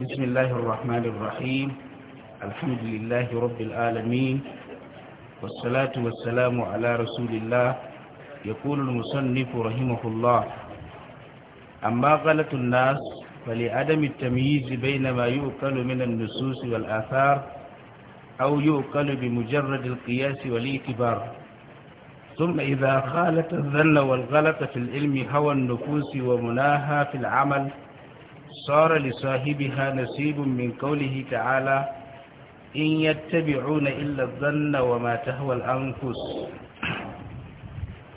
بسم الله الرحمن الرحيم الحمد لله رب العالمين والصلاة والسلام على رسول الله يقول المصنف رحمه الله أما غلط الناس فلعدم التمييز بين ما يؤكل من النصوص والآثار أو يؤكل بمجرد القياس والاعتبار ثم إذا خالت الذل والغلط في العلم هوى النفوس ومناها في العمل صار لصاحبها نصيب من قوله تعالى إن يتبعون إلا الظن وما تهوى الأنفس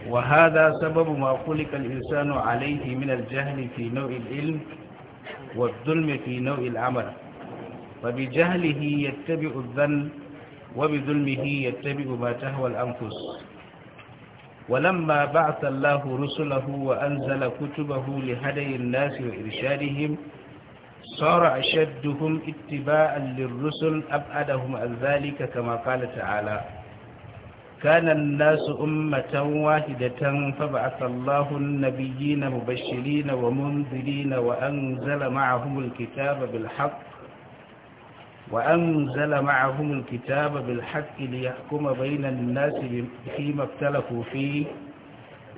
وهذا سبب ما خلق الإنسان عليه من الجهل في نوع العلم والظلم في نوع العمل فبجهله يتبع الظن وبظلمه يتبع ما تهوى الأنفس ولما بعث الله رسله وأنزل كتبه لهدي الناس وإرشادهم صار أشدهم اتباعا للرسل أبعدهم عن ذلك كما قال تعالى كان الناس أمة واحدة فبعث الله النبيين مبشرين ومنذرين وأنزل معهم الكتاب بالحق وأنزل معهم الكتاب بالحق ليحكم بين الناس فيما اختلفوا فيه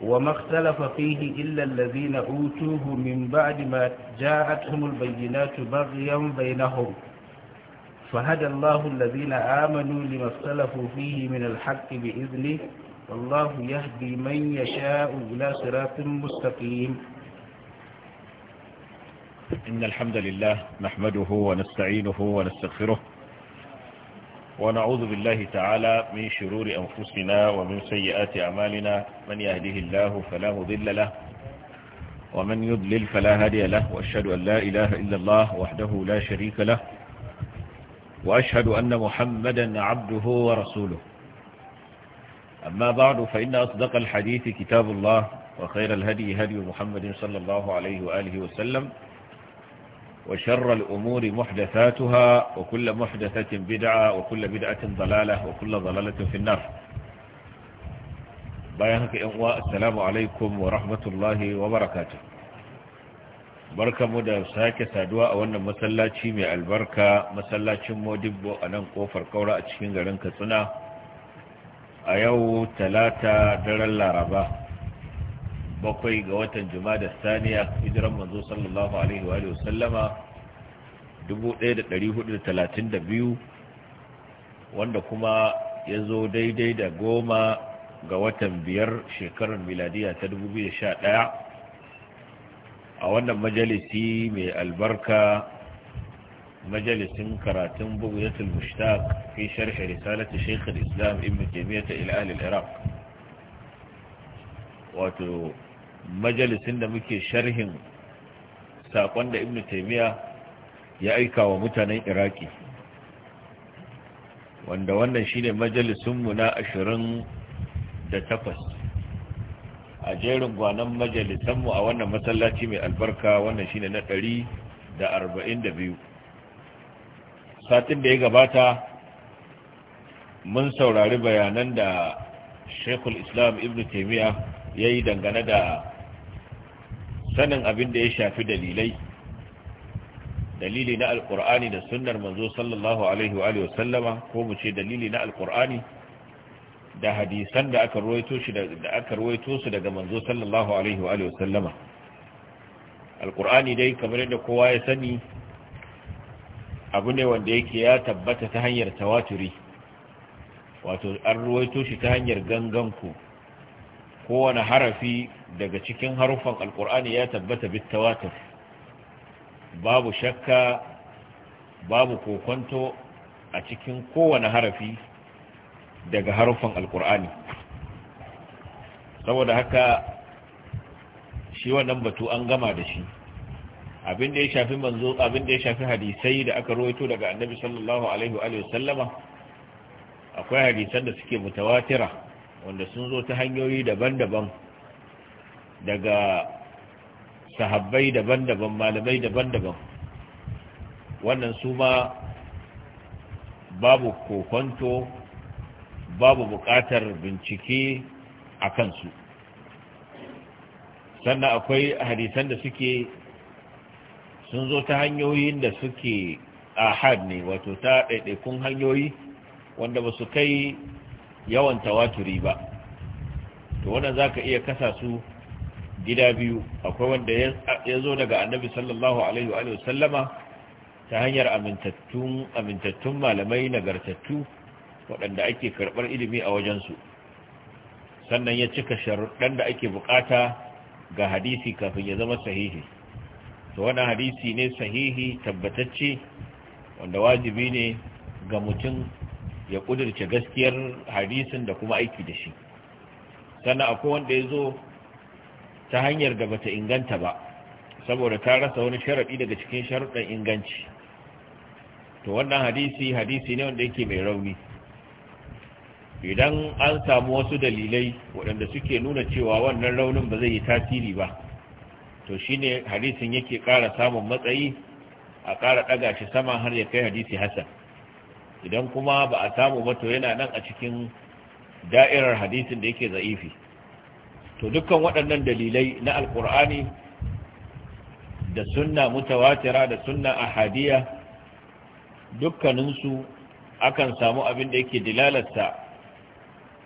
وما اختلف فيه إلا الذين أوتوه من بعد ما جاءتهم البينات بغيا بينهم فهدى الله الذين آمنوا لما اختلفوا فيه من الحق بإذنه والله يهدي من يشاء إلى صراط مستقيم إن الحمد لله نحمده ونستعينه ونستغفره ونعوذ بالله تعالى من شرور أنفسنا ومن سيئات أعمالنا من يهده الله فلا مضل له ومن يضلل فلا هادي له وأشهد أن لا إله إلا الله وحده لا شريك له وأشهد أن محمدا عبده ورسوله أما بعد فإن أصدق الحديث كتاب الله وخير الهدي هدي محمد صلى الله عليه وآله وسلم وآله وسلم وشر الأمور محدثاتها وكل محدثة بدعة وكل بدعة ضلالة وكل ضلالة في النار بيانك إنواء السلام عليكم ورحمة الله وبركاته بركة مدى ساكة سادواء وانا مسلا تشيمي البركة مسلا تشمو دبو أنان قوفر قولا أتشكين غرنك سنة أيو تلاتة درالة رباه bakwai ga watan jumada saniya hijiran manzo sallallahu alaihi wa sallama 1432 wanda kuma ya zo daidai da goma ga watan biyar shekarar miladiya ta 2011 a wannan majalisi mai albarka majalisin karatun bugiyatul mushtaq fi sharh risalatu shaykh al-islam ibn taymiyyah ila ahli al-iraq wato majalisin da muke sharhin saƙon da ibn taimiyya ya aika wa mutanen iraki wanda wannan shine majalisunmu na ashirin da takwas a jerin gwanon majalisanmu a wannan masallaci mai albarka wannan shine na ɗari da arba'in da biyu satin da ya gabata mun saurari bayanan da shekul islam ibn taimiyya ya yi dangane da sanin abin da ya shafi dalilai dalili na alkur'ani da sunnar manzo sallallahu alaihi wa sallama ko mu ce dalili na alkur'ani da hadisan da aka ruwaito shi da aka ruwaito su daga manzo sallallahu alaihi wa sallama alkur'ani dai kamar yadda kowa ya sani abu ne wanda yake ya tabbata ta hanyar tawaturi wato an ruwaito shi ta hanyar gangan ku. kowane harafi daga cikin harufan alkur'ani ya tabbata bitawatar babu shakka babu kokonto a cikin kowane harafi daga harufan alkur'ani saboda haka shi wannan batu an gama da shi abin da ya shafi manzo abin da ya shafi hadisai da aka rawaito daga annabi sallallahu alaihi wa sallama akwai hadisan da suke mutawatira wanda sun zo ta hanyoyi daban-daban daga sahabbai daban-daban malamai daban-daban wannan su ma babu kokonto babu buƙatar bincike a kansu sannan akwai hadisan da suke sun zo ta hanyoyin da suke ahad ne wato ta ɗaiɗaikun hanyoyi wanda ba su kai yawan tawaturi ba to wannan zaka iya kasa su gida biyu akwai wanda ya zo daga annabi sallallahu alaihi wa sallama ta hanyar amintattun amintattun malamai nagartattu waɗanda ake karɓar ilimi a wajensu sannan ya cika sharuɗan da ake bukata ga hadisi kafin ya zama sahihi to wannan hadisi ne sahihi tabbatacce wanda wajibi ne ga mutum ya kudurce gaskiyar hadisin da kuma aiki da shi sannan akwai wanda ya zo ta hanyar da bata inganta ba saboda ta rasa wani sharaɗi daga cikin sharaɗin inganci to wannan hadisi hadisi ne wanda yake mai rauni idan an samu wasu dalilai waɗanda suke nuna cewa wannan raunin ba zai yi tasiri ba to shine hadisin yake ƙara samun matsayi a ƙara ɗaga shi sama har ya kai hadisi hasan idan kuma ba a samu ba to yana nan a cikin da'irar hadisin da yake za'ifi to dukkan waɗannan dalilai na Alƙur'ani da sunna mutawatira da sunna ahadiya dukkaninsu akan samu abin da yake dilalarsa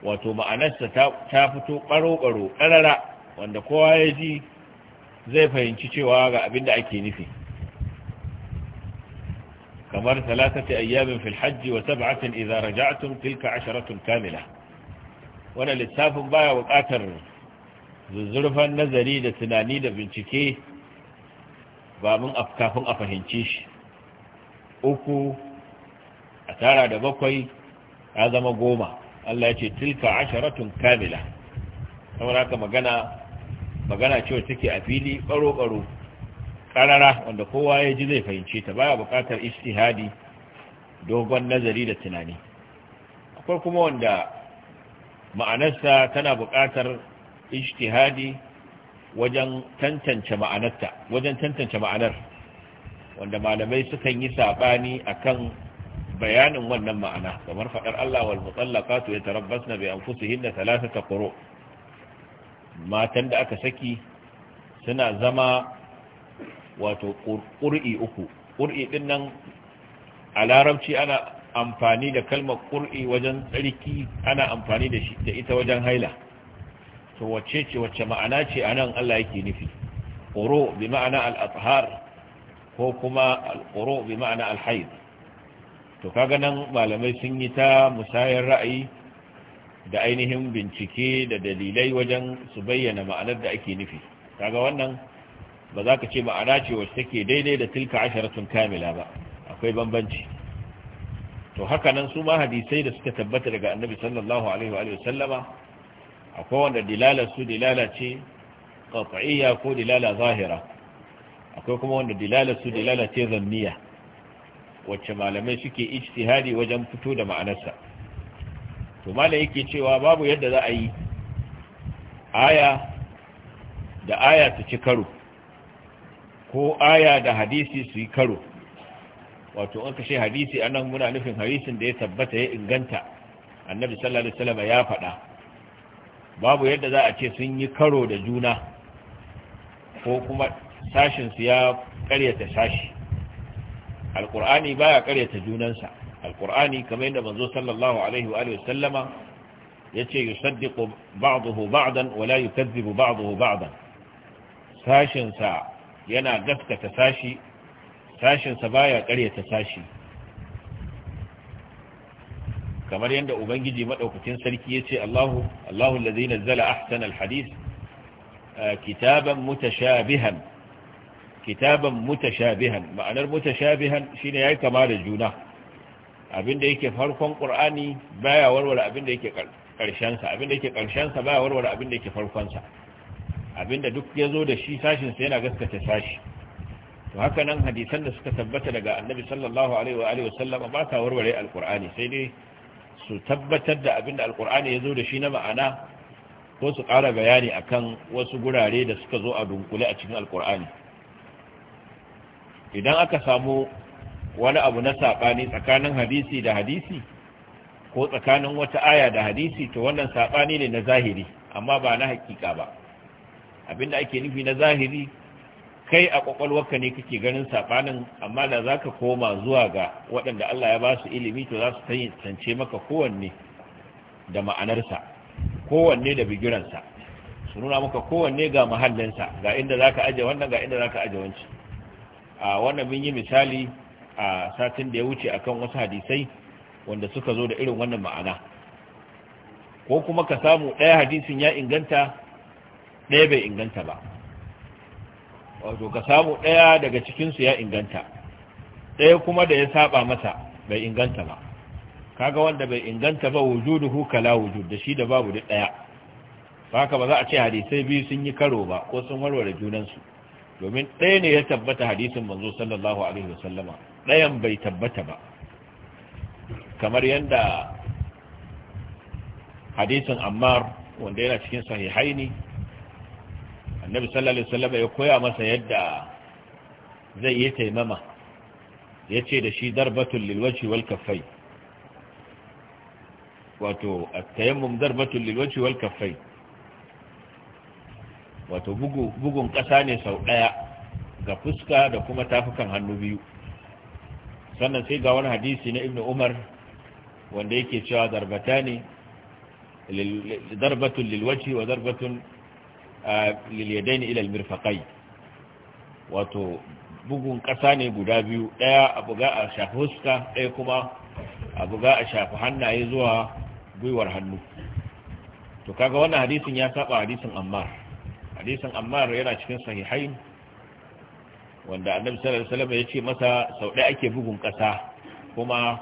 wato ma'anarsa ta fito ɓaro-ɓaro ƙarara wanda kowa ya ji zai fahimci cewa ga abin da ake nufi kamar talatata ayyamin filhajji wa sab'atin idza raja'tum tilka asharatun kamila wannan littafin baya buƙatar zuzzurfan nazari da tunani da bincike ba mun kafin a fahimci shi uku a tara da bakwai ya zama goma Allah ya ce tilka asharatun kamila kamar haka magana magana cewa take a fili baro-baro karara wanda kowa ya ji zai fahimci ta baya bukatar istihadi dogon nazari da tunani akwai kuma wanda ma'anarsa tana bukatar istihadi wajen tantance ma'anarta wajen tantance ma'anar wanda malamai sukan yi saɓani akan bayanin wannan ma'ana kamar faɗar Allah wal mutallaqatu yatarabbasna bi anfusihinna talata quru matan da aka saki suna zama wato ƙur'i uku ƙur'i ɗin nan a larabci ana amfani da kalmar ƙur'i wajen tsarki ana amfani da ita wajen haila to wacce ce wacce ma'ana ce a nan Allah yake nufi ƙuro bi ma'ana al'adhar ko kuma al'uro bi ma'ana alhaid to kaga nan malamai sun yi ta musayar ra'ayi da ainihin bincike da dalilai wajen su bayyana ma'anar da ake nufi kaga wannan ba za ka ce ma'ana ce wacce take daidai da tilka asharatun kamila ba akwai bambanci to haka nan su ma hadisai da suka tabbata daga annabi sallallahu alaihi wa sallama akwai wanda su dilala ce qat'iyya ko dilala zahira akwai kuma wanda dilala su dilala ce zanniya wacce malamai suke ijtihadi wajen fito da ma'anarsa to malai yake cewa babu yadda za a yi aya da aya ta ci karo ko aya da hadisi su yi karo wato an kashe hadisi anan muna nufin hadisin da ya tabbata ya inganta annabi sallallahu alaihi wasallam ya faɗa babu yadda za a ce sun yi karo da juna ko kuma sashin su ya ƙaryata sashi alqur'ani baya ƙaryata junansa alqur'ani kamar yadda manzo sallallahu alaihi wa sallama yace yusaddiqu ba'dahu ba'dan wa la yukaththibu ba'dahu ba'dan sashin sa yana gaskata sashi sashinsa baya karyata sashi kamar yadda ubangiji madaukakin sarki yace Allahu Allahu allazi nazzala ahsana alhadith eh, kitaban mutashabihan kitaban mutashabihan ma'anar mutashabihan shine yayi kama da juna abinda yake farkon qur'ani baya warware abinda yake karshen sa abinda yake karshen sa baya warware abinda yake farkon sa abinda duk ya zo da shi sashinsa yana gaskata sashi to haka nan hadisan da suka tabbata daga annabi sallallahu alaihi wa sallama ba ta warware alkur'ani sai dai su tabbatar da abinda alkur'ani ya zo da shi na ma'ana ko su ƙara bayani akan wasu gurare da suka zo a dunkule a cikin alkur'ani idan aka samu wani abu na saɓani tsakanin hadisi da hadisi ko tsakanin wata aya da hadisi to wannan saɓani ne na zahiri amma ba na hakika ba abinda ake nufi na zahiri kai a kwakwalwarka ne kake ganin safanin amma da za ka koma zuwa ga waɗanda Allah ya ba su ilimi to za su tantance maka kowanne da ma'anarsa kowanne da bigiransa su nuna maka kowanne ga mahallinsa ga inda za ka aje wannan ga inda za ka aje wanci a wannan mun yi misali a satin da ya wuce akan wasu hadisai wanda suka zo da irin wannan ma'ana ko kuma ka samu ɗaya hadisin ya inganta ɗaya bai inganta ba wato ka samu ɗaya daga cikinsu ya inganta ɗaya kuma da ya saba masa bai inganta ba kaga wanda bai inganta ba wujuduhu kala wujud da shi da babu da ɗaya haka ba za a ce hadisai biyu sun yi karo ba ko sun warware junansu domin ɗaya ne ya tabbata hadisin manzo sallallahu alaihi wasallama ɗayan bai tabbata ba kamar yadda hadisin ammar wanda yana cikin sahihaini annabi sallallahu alaihi wasallam ya koya masa yadda zai yi taimama yace da shi darbatul lilwaji wal kaffai wato at-tayammum darbatul lilwaji wal kaffai wato bugu bugun kasa ne sau daya ga fuska da kuma tafukan hannu biyu sannan sai ga wani hadisi na ibnu umar wanda yake cewa darbatani darbatun lilwaji wa darbatun liliyadaini ilal mirfaqai wato bugun ƙasa ne guda biyu ɗaya a buga a shafi huska ɗaya kuma a buga a shafi hannaye zuwa gwiwar hannu to kaga wannan hadisin ya saba hadisin ammar hadisin ammar yana cikin sahihai wanda annabi sallallahu alaihi wasallam ya ce masa sau ɗaya ake bugun ƙasa kuma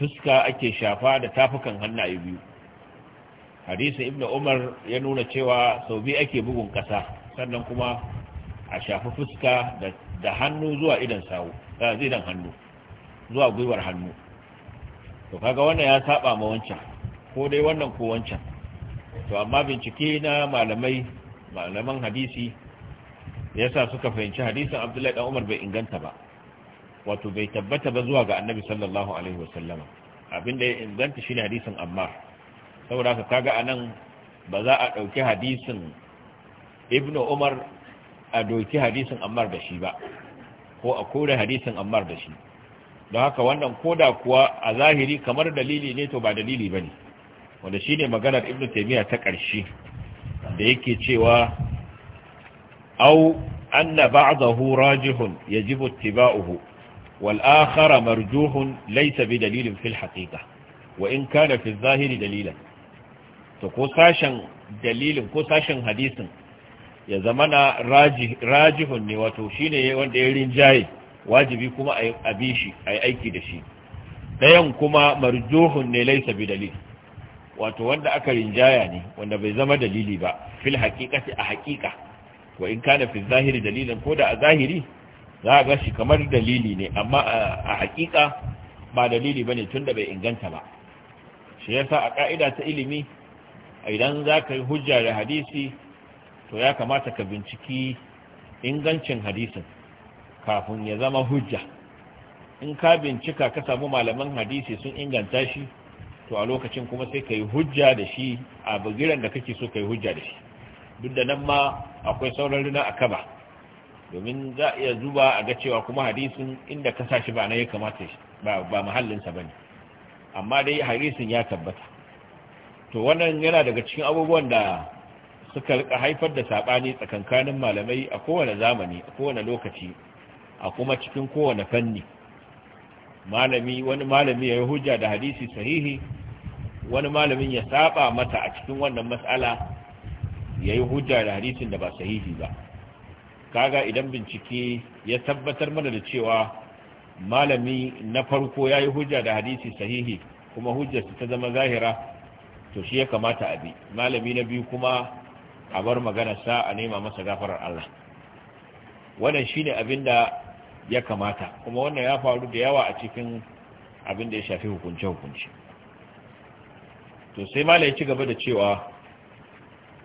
fuska ake shafa da tafukan hannaye biyu hadisi ibnu umar ya nuna cewa sau biyu ake bugun kasa sannan kuma a shafi fuska da hannu zuwa idan sawu zidan hannu zuwa gwiwar hannu to kaga wannan ya saba ma wancan ko dai wannan ko wancan to amma bincike na malamai malaman hadisi yasa suka fahimci hadisin abdullahi dan umar bai inganta ba wato bai tabbata ba zuwa ga annabi sallallahu alaihi wasallama abinda ya inganta shine hadisin ammar saboda haka kaga anan ba za a ɗauki hadisin ibnu umar a doki hadisin ammar da shi ba ko a kore hadisin ammar da shi don haka wannan koda kuwa a zahiri kamar dalili ne to ba dalili ba ne wanda shi ne maganar ibn taimiyya ta ƙarshe da yake cewa au anna ya rajihun yajibu ittiba'uhu wal akhara marjuhun laysa bi dalilin fil haƙiƙa. wa in kana fi zahiri dalilan to ko sashen dalilin ko sashen hadisin ya zama na rajihun ne wato shi ne wanda ya rinjaye wajibi kuma a bi shi a yi aiki da shi ɗayan kuma marjuhun ne laisa bi dalil wato wanda aka rinjaya ne wanda bai zama dalili ba fil haƙiƙati a haƙiƙa wa in kana fi zahiri dalilin ko da a zahiri za a gashi kamar dalili ne amma a haƙiƙa ba dalili ba ne tun da bai inganta ba shi yasa a ƙa'ida ta ilimi idan za ka yi hujja da hadisi to ya kamata ka binciki ingancin hadisin kafin ya zama hujja in ka bincika ka samu malaman hadisi sun inganta shi to a lokacin kuma sai ka yi hujja da shi a bugiran da kake so ka yi hujja da shi duk da nan ma akwai sauran rina a kaba domin za a iya zuba a ga cewa kuma hadisin inda ka sa shi ba na ya kamata ba muhallinsa ba ne amma dai hadisin ya tabbata to wannan yana daga cikin abubuwan da suka rika haifar da sabani tsakankanin malamai a kowane zamani a kowane lokaci a kuma cikin kowane fanni malami wani malami ya yi hujja da hadisi sahihi wani malamin ya saba mata a cikin wannan matsala ya yi hujja da hadisin da ba sahihi ba kaga idan bincike ya tabbatar mana da cewa malami na farko ya yi hujja da hadisi sahihi kuma hujjarsa ta zama zahira to shi ya kamata a bi malami na biyu kuma a bar magana sa a nema masa gafarar Allah wannan shine abin da ya kamata kuma wannan ya faru da yawa a cikin abin da ya shafi hukunce hukunci to sai malami ya ci gaba da cewa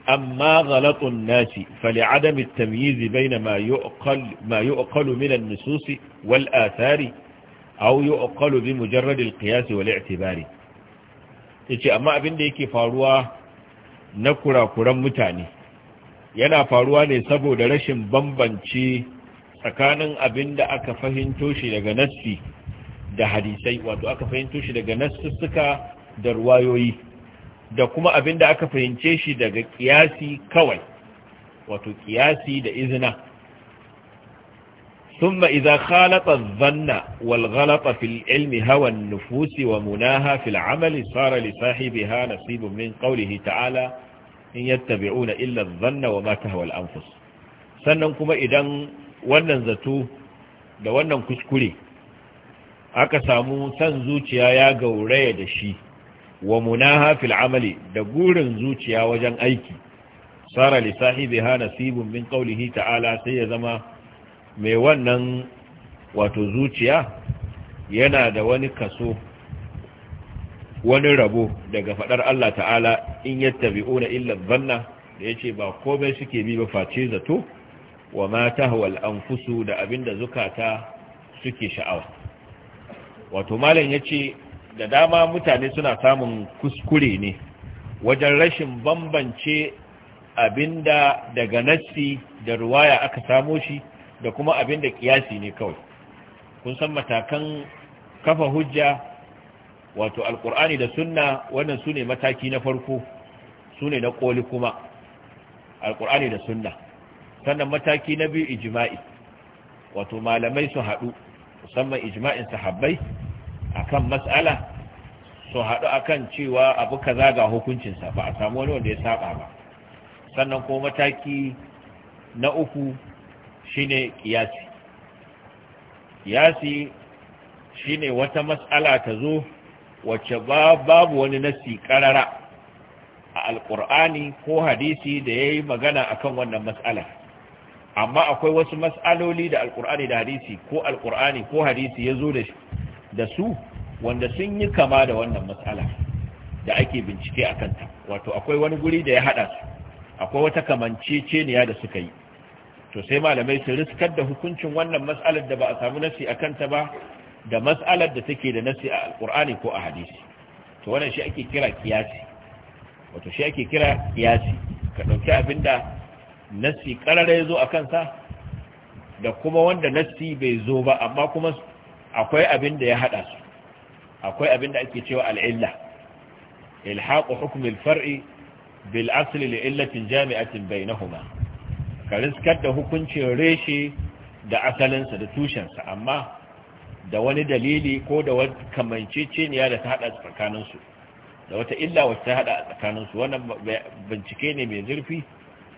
amma ghalatun nasi fali'adami at-tamyiz bayna ma yu'qal ma yu'qalu min an-nusus wal athari aw yu'qalu bi mujarrad al-qiyas wal i'tibari yace amma abin da yake faruwa na kurakuran mutane yana faruwa ne saboda rashin bambanci tsakanin abin da aka fahimto shi daga nassi da hadisai wato aka fahimto shi daga nassussuka da ruwayoyi da kuma abin da aka fahimce shi daga kiyasi kawai wato kiyasi da izina ثم إذا خالط الظن والغلط في العلم هوى النفوس ومناها في العمل صار لصاحبها نصيب من قوله تعالى إن يتبعون إلا الظن وما تهوى الأنفس سننكم إذن wannan zato da wannan kuskure aka samu san zuciya ya gauraya da shi wa munaha amali da gurin zuciya wajen aiki sara min ta'ala sai ya zama mai wannan wato zuciya yana da wani kaso wani rabo daga fadar Allah ta'ala in yattabi'una illar dhanna da yace ba komai suke bi ba face zato wa ma tahwal anfusu da abinda zukata suke sha'awa wato malam yace da dama mutane suna samun kuskure ne wajen rashin bambance abinda daga nassi da ruwaya aka samo shi da kuma abin da kiyasi ne kawai kun san matakan kafa hujja wato alkur'ani da sunna wannan su ne mataki na farko su ne na koli kuma alkur'ani da sunna sannan mataki na biyu ijima'i wato malamai su haɗu musamman ijma'in sahabbai akan mas'ala su haɗu akan cewa abu kaza ga hukuncinsa ba a samu wani wanda ya saba ba sannan ko mataki na uku shine kiyasi kiyasi shine wata mas'ala ta zo wacce babu wani nasi karara a alkur'ani ko hadisi da ya yi magana akan wannan mas'ala amma akwai wasu mas'aloli da alkur'ani da hadisi ko alkur'ani ko hadisi ya zo da su wanda sun yi kama da wannan mas'ala da ake bincike a kanta wato akwai wani guri da ya haɗa su akwai wata kamanceceniya da suka yi to sai malamai su riskar da hukuncin wannan mas'alar da ba a samu nasi a kanta ba da mas'alar da take da nasi a alkur'ani ko a hadisi to wannan shi ake kira kiyasi wato shi ake kira kiyasi ka ɗauki abin da nasi ƙarara ya zo a kansa da kuma wanda nasi bai zo ba amma kuma akwai abin da ya haɗa su akwai abin da ake cewa al'illa ilhaƙu hukumin far'i bil asali li illatin jami'atin bainahuma ka riskar da hukuncin reshe da asalinsa da tushensa amma da wani dalili ko da wani ya da ta hada tsakaninsu da wata illa wasu ta hada tsakaninsu wannan bincike ne mai zurfi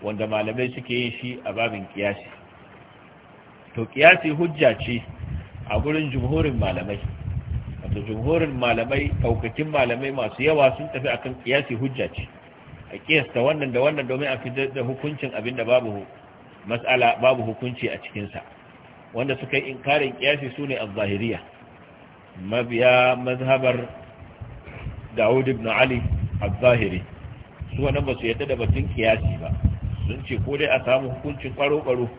wanda malamai suke yin shi a babin kiyasi to kiyasi hujja ce a gurin jumhurin malamai wata jumhurin malamai daukakin malamai masu yawa sun tafi akan kiyasi hujja ce a kiyasta wannan da wannan domin a fitar da hukuncin abin da babu mas'ala babu hukunci a cikinsa wanda suka yi inkarin kiyasi su ne al-zahiriya mabiya mazhabar dawud ibn ali al-zahiri su wannan ba su yadda da batun kiyasi ba sun ce ko dai a samu hukuncin ɓaro-ɓaro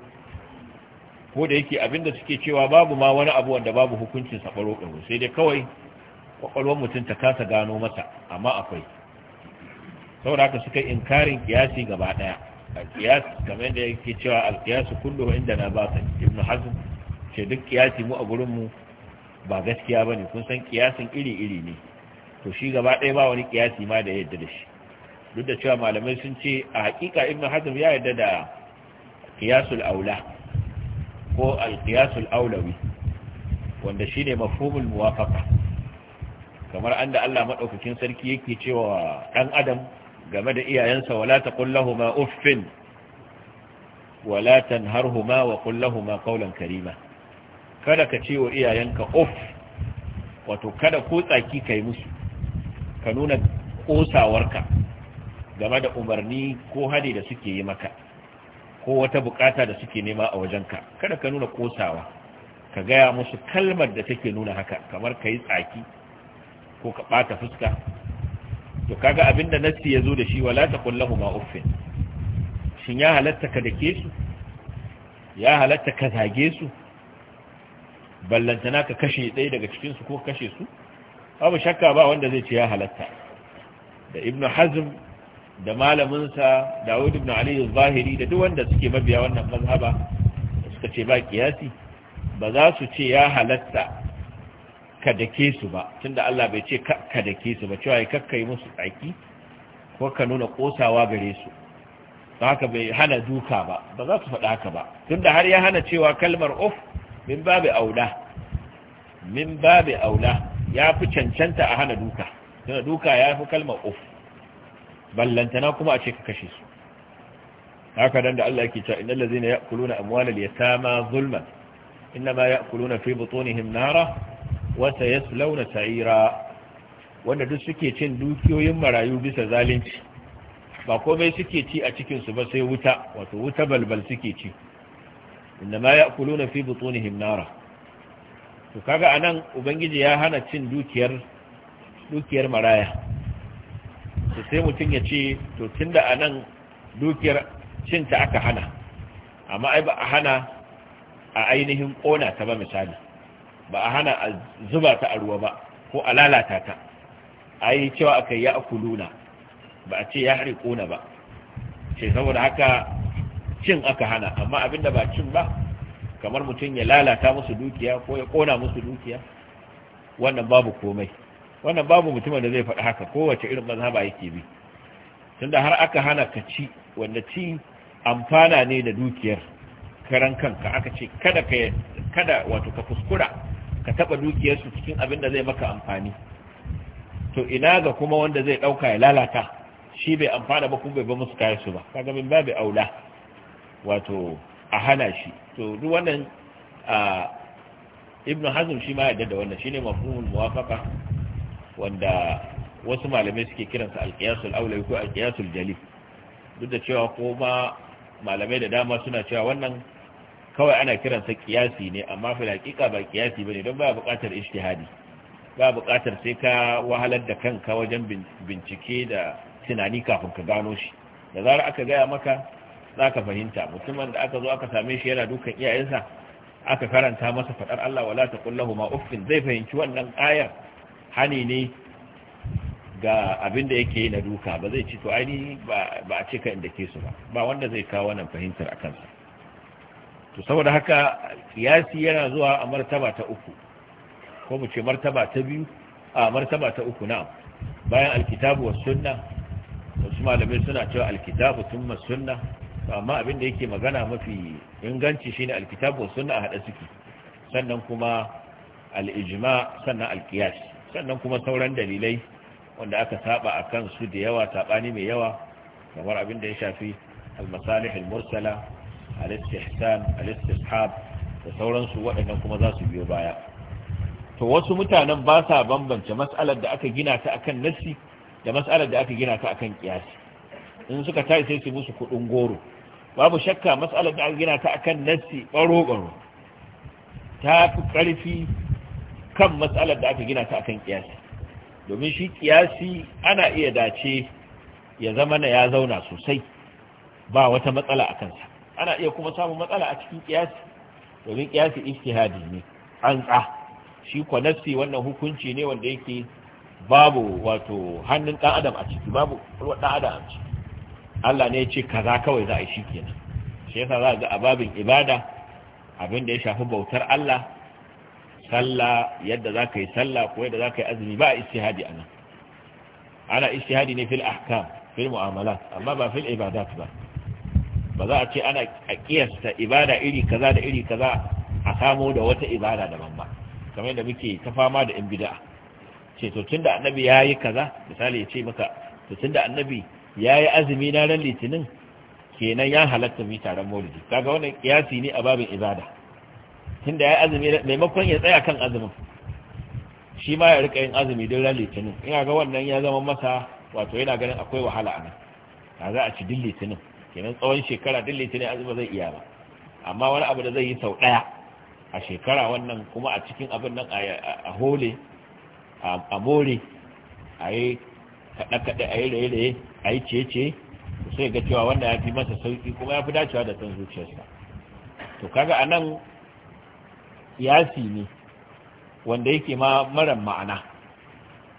ko da yake abinda suke cewa babu ma wani abu wanda babu hukuncin sa ɓaro-ɓaro sai dai kawai kwakwalwar mutum ta kasa gano mata amma akwai saboda haka suka inkarin kiyasi gaba daya al-qiyas kamar da yake cewa al kiyasu kullu inda na ba batil ibn hazm ce duk kiyasi mu a gurin mu ba gaskiya bane kun san kiyasin iri iri ne to shi gaba daya ba wani kiyasi ma da yadda da shi duk da cewa malamai sun ce a hakika ibn hazm ya yadda da kiyasul aula ko al kiyasul aulawi wanda shine mafhumul muwafaqa kamar anda Allah madaukakin sarki yake cewa dan adam game da iyayensa wala taqul lahumu uffin wala tanharhuma wa qul lahumu qawlan karima kada ka ce wa iyayenka uff wato kada ko tsaki kai musu ka nuna kosawarka game da umarni ko hadi da suke yi maka ko wata bukata da suke nema a wajenka kada ka nuna kosawa ka gaya musu kalmar da take nuna haka kamar ka yi tsaki ko ka ɓata fuska to kaga abinda nassi yazo da shi wala taqul lahum uffin shin ya halatta ka dake su ya halatta ka zage su ballantana ka kashe ɗaya daga cikin su ko kashe su babu shakka ba wanda zai ce ya halatta da ibnu hazm da malamin sa Dawud ibn Ali al-Zahiri da duk wanda suke mabiya wannan mazhaba suka ce ba kiyasi ba za su ce ya halatta ka dake su ba tunda Allah bai ce ka dake su ba cewa kakka yi musu tsaki ko ka nuna kosawa gare su haka bai hana duka ba ba za su faɗa haka ba tunda har ya hana cewa kalmar of min babu aula min babu aula ya fi cancanta a hana duka tunda duka ya fi kalmar of ballantana kuma a ce ka kashe su haka dan da Allah yake cewa innal ladzina ya'kuluna amwalal yatama zulman inma ya'kuluna fi butunihim nara wata ya launa ta'ira wanda duk suke cin dukiyoyin marayu bisa zalunci ba komai suke ci a cikinsu ba sai wuta wato wuta balbal suke ci inda ma ya kulu na fi butunihim nara to kaga a ubangiji ya hana cin dukiyar maraya to sai mutum ya ce to tunda a nan dukiyar cinta aka hana amma ai ba a hana a ainihin kona ta ba misali ba a hana a zuba ta a ruwa ba ko a lalata ta a yi cewa aka yi ya akuluna ba a ce ya kona ba ce saboda haka cin aka hana amma abinda ba cin ba kamar mutum ya lalata musu dukiya ko ya kona musu dukiya wannan babu komai wannan babu mutumin da zai faɗi haka kowace irin mazhaba yake bi tunda har aka hana ka ci wanda ci amfana ne da dukiyar karan kanka aka ce kada ka kada wato ka kuskura ka taba dukiyarsu cikin abin da zai maka amfani to ina ga kuma wanda zai ɗauka ya lalata shi bai amfana ba kuma bai ba musu kayan su ba kaga min babu aula wato a hana shi to duk wannan a ibnu hazm shi ma yadda da wannan shine mafhumul muwafaqa wanda wasu malamai suke kiransa alqiyasul aula ko alqiyasul jali duk da cewa ko ma malamai da dama suna cewa wannan kawai ana kiransa kiyasi ne amma fil ba kiyasi ba ne, don ba buƙatar ishtihadi ba buƙatar sai ka wahalar da kanka wajen bincike da tunani kafin ka gano shi da zarar aka gaya maka za ka fahimta mutumin da aka zo aka same shi yana dukan iyayensa aka karanta masa faɗar Allah wala ta kullahu ma uffin zai fahimci wannan ayar hani ne ga abin da yake na duka ba zai ci to ainihi ba a cika inda ke su ba ba wanda zai kawo wannan fahimtar a kansa to saboda haka kiyasi yana zuwa a martaba ta uku ko mu ce martaba ta biyu a martaba ta uku na bayan alkitabu wa sunna wasu malamai suna cewa alkitabu thumma sunna amma abin da yake magana mafi inganci shine alkitabu wa sunna a haɗa suke sannan kuma Alijima ijma sannan al sannan kuma sauran dalilai wanda aka saba kan su da yawa sabani mai yawa kamar abin da ya shafi al-masalih al-mursala al-istihsan al-istishab da sauransu waɗannan kuma za su biyo baya to wasu mutanen ba sa bambance matsalar da aka gina ta akan nassi da matsalar da aka gina ta akan kiyasi in suka tashi sai su musu kuɗin goro babu shakka matsalar da aka gina ta akan nassi baro baro ta fi ƙarfi kan matsalar da aka gina ta akan kiyasi domin shi kiyasi ana iya dace ya zama na ya zauna sosai ba wata matsala a kansa ana iya kuma samun matsala a cikin kiyasi domin kiyasi ijtihadi ne an shi ko nafsi wannan hukunci ne wanda yake babu wato hannun dan adam a ciki babu ruwan dan adam a ciki Allah ne ya ce kaza kawai za a yi shi kenan shi yasa za ga a babin ibada abin da ya shafi bautar Allah sallah yadda za ka yi sallah ko yadda za ka yi azumi ba a istihadi ana ana istihadi ne fil ahkam fil mu'amalat amma ba fil ibadat ba ba za a ce ana a kiyasta ibada iri kaza da iri kaza a samu da wata ibada daban ba kamar yadda muke ta fama da in bid'a ce to tunda annabi yayi kaza misali ya ce maka to tunda annabi yayi azumi na ran litinin kenan ya halatta mu taron maulidi kaga wannan kiyasi ne a babin ibada tunda yayi azumi maimakon ya tsaya kan azumin shi ma ya rika yin azumi don ran litinin ina ga wannan ya zama masa wato yana ganin akwai wahala a nan za a ci din litinin kenan tsawon shekara duk litinin azumi zai iya ba amma wani abu da zai yi sau ɗaya a shekara wannan kuma a cikin abin nan a hole a more a yi kaɗe-kaɗe a yi raye-raye a yi ce-ce, sai ga cewa wanda ya fi masa sauki kuma ya fi dacewa da san zuciyarsa to kaga a nan kiyasi ne wanda yake ma mara ma'ana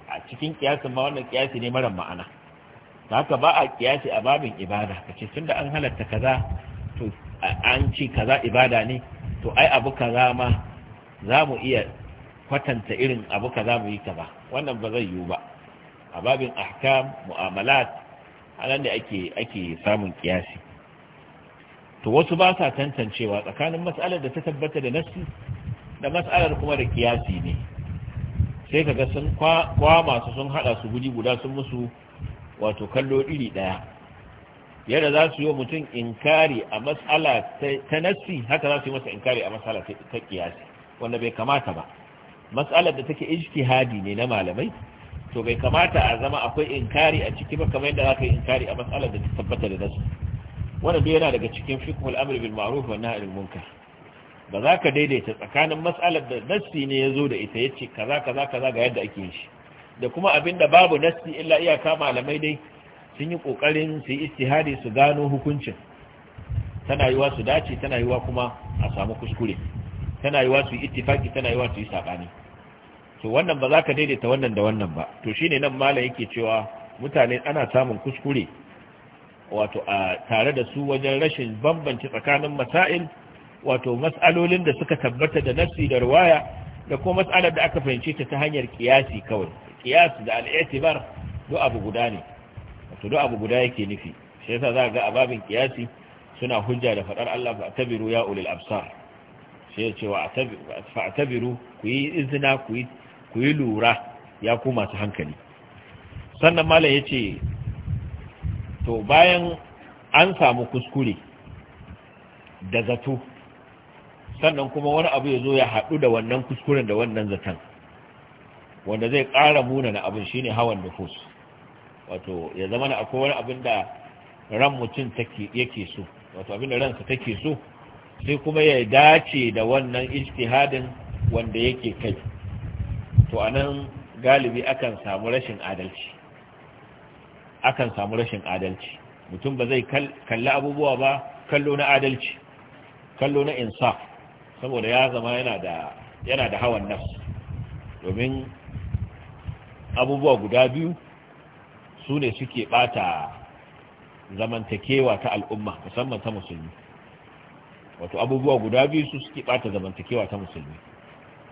a cikin kiyasin ma wannan kiyasi ne mara ma'ana haka ba a kiyasi a babin ibada kace da an halatta kaza to an ci kaza ibada ne to ai abu kaza ma za mu iya kwatanta irin abu kaza mu yi kaza wannan ba zai yiwu ba a babin ahkam mu'amalat anan da ake ake samun kiyasi to wasu ba sa tantancewa tsakanin mas'alar da ta tabbata da nassi da mas'alar kuma da kiyasi ne sai kaga sun kwa masu sun hada su guji guda sun musu wato kallo iri ɗaya yadda za su yi mutum inkari a matsala ta nassi haka za su yi masa inkari a matsala ta kiyasi wanda bai kamata ba matsalar da take ijtihadi ne na malamai to bai kamata a zama akwai inkari a ciki ba kamar yadda za ka yi inkari a matsalar da ta tabbata da nasu wanda duk yana daga cikin fiqhul amr bil ma'ruf wa nahy anil munkar ba za ka daidaita tsakanin matsalar da nassi ne ya zo da ita yace kaza kaza kaza ga yadda ake yin shi da kuma abin da babu nassi illa iyaka malamai dai sun yi kokarin su yi su gano hukuncin tana yiwa su dace tana yiwa kuma a samu kuskure tana yiwa su ittifaki tana yiwa su sabani to wannan ba za ka daidaita wannan da wannan ba to shine nan malam yake cewa mutane ana samun kuskure wato a tare da su wajen rashin bambanci tsakanin masail wato mas'alolin da suka tabbata da nassi da riwaya da kuma mas'alar da aka fahimce ta ta hanyar kiyasi kawai alkiyas da al'itibar duk abu guda ne wato duk abu guda yake nufi shi yasa za ga ababin kiyasi suna hujja da fadar Allah ba tabiru ya ulil absar yace ya ce fa tabiru ku yi izina ku yi ku yi lura ya ku masu hankali sannan malam yace to bayan an samu kuskure da zato sannan kuma wani abu ya zo ya haɗu da wannan kuskuren da wannan zaton wanda zai ƙara muna na abin shine hawan nufus wato ya zama na akwai wani abin da ran mutum yake so wato abin da ransa take so sai kuma ya dace da wannan ijtihadin wanda yake kai to anan galibi akan samu rashin adalci akan samu rashin adalci mutum ba zai kalli abubuwa ba kallo na adalci kallo na insaf saboda ya zama yana da yana da hawan nafsi domin abubuwa guda biyu su ne suke bata zamantakewa ta al'umma musamman ta musulmi wato abubuwa guda biyu su suke bata zamantakewa ta musulmi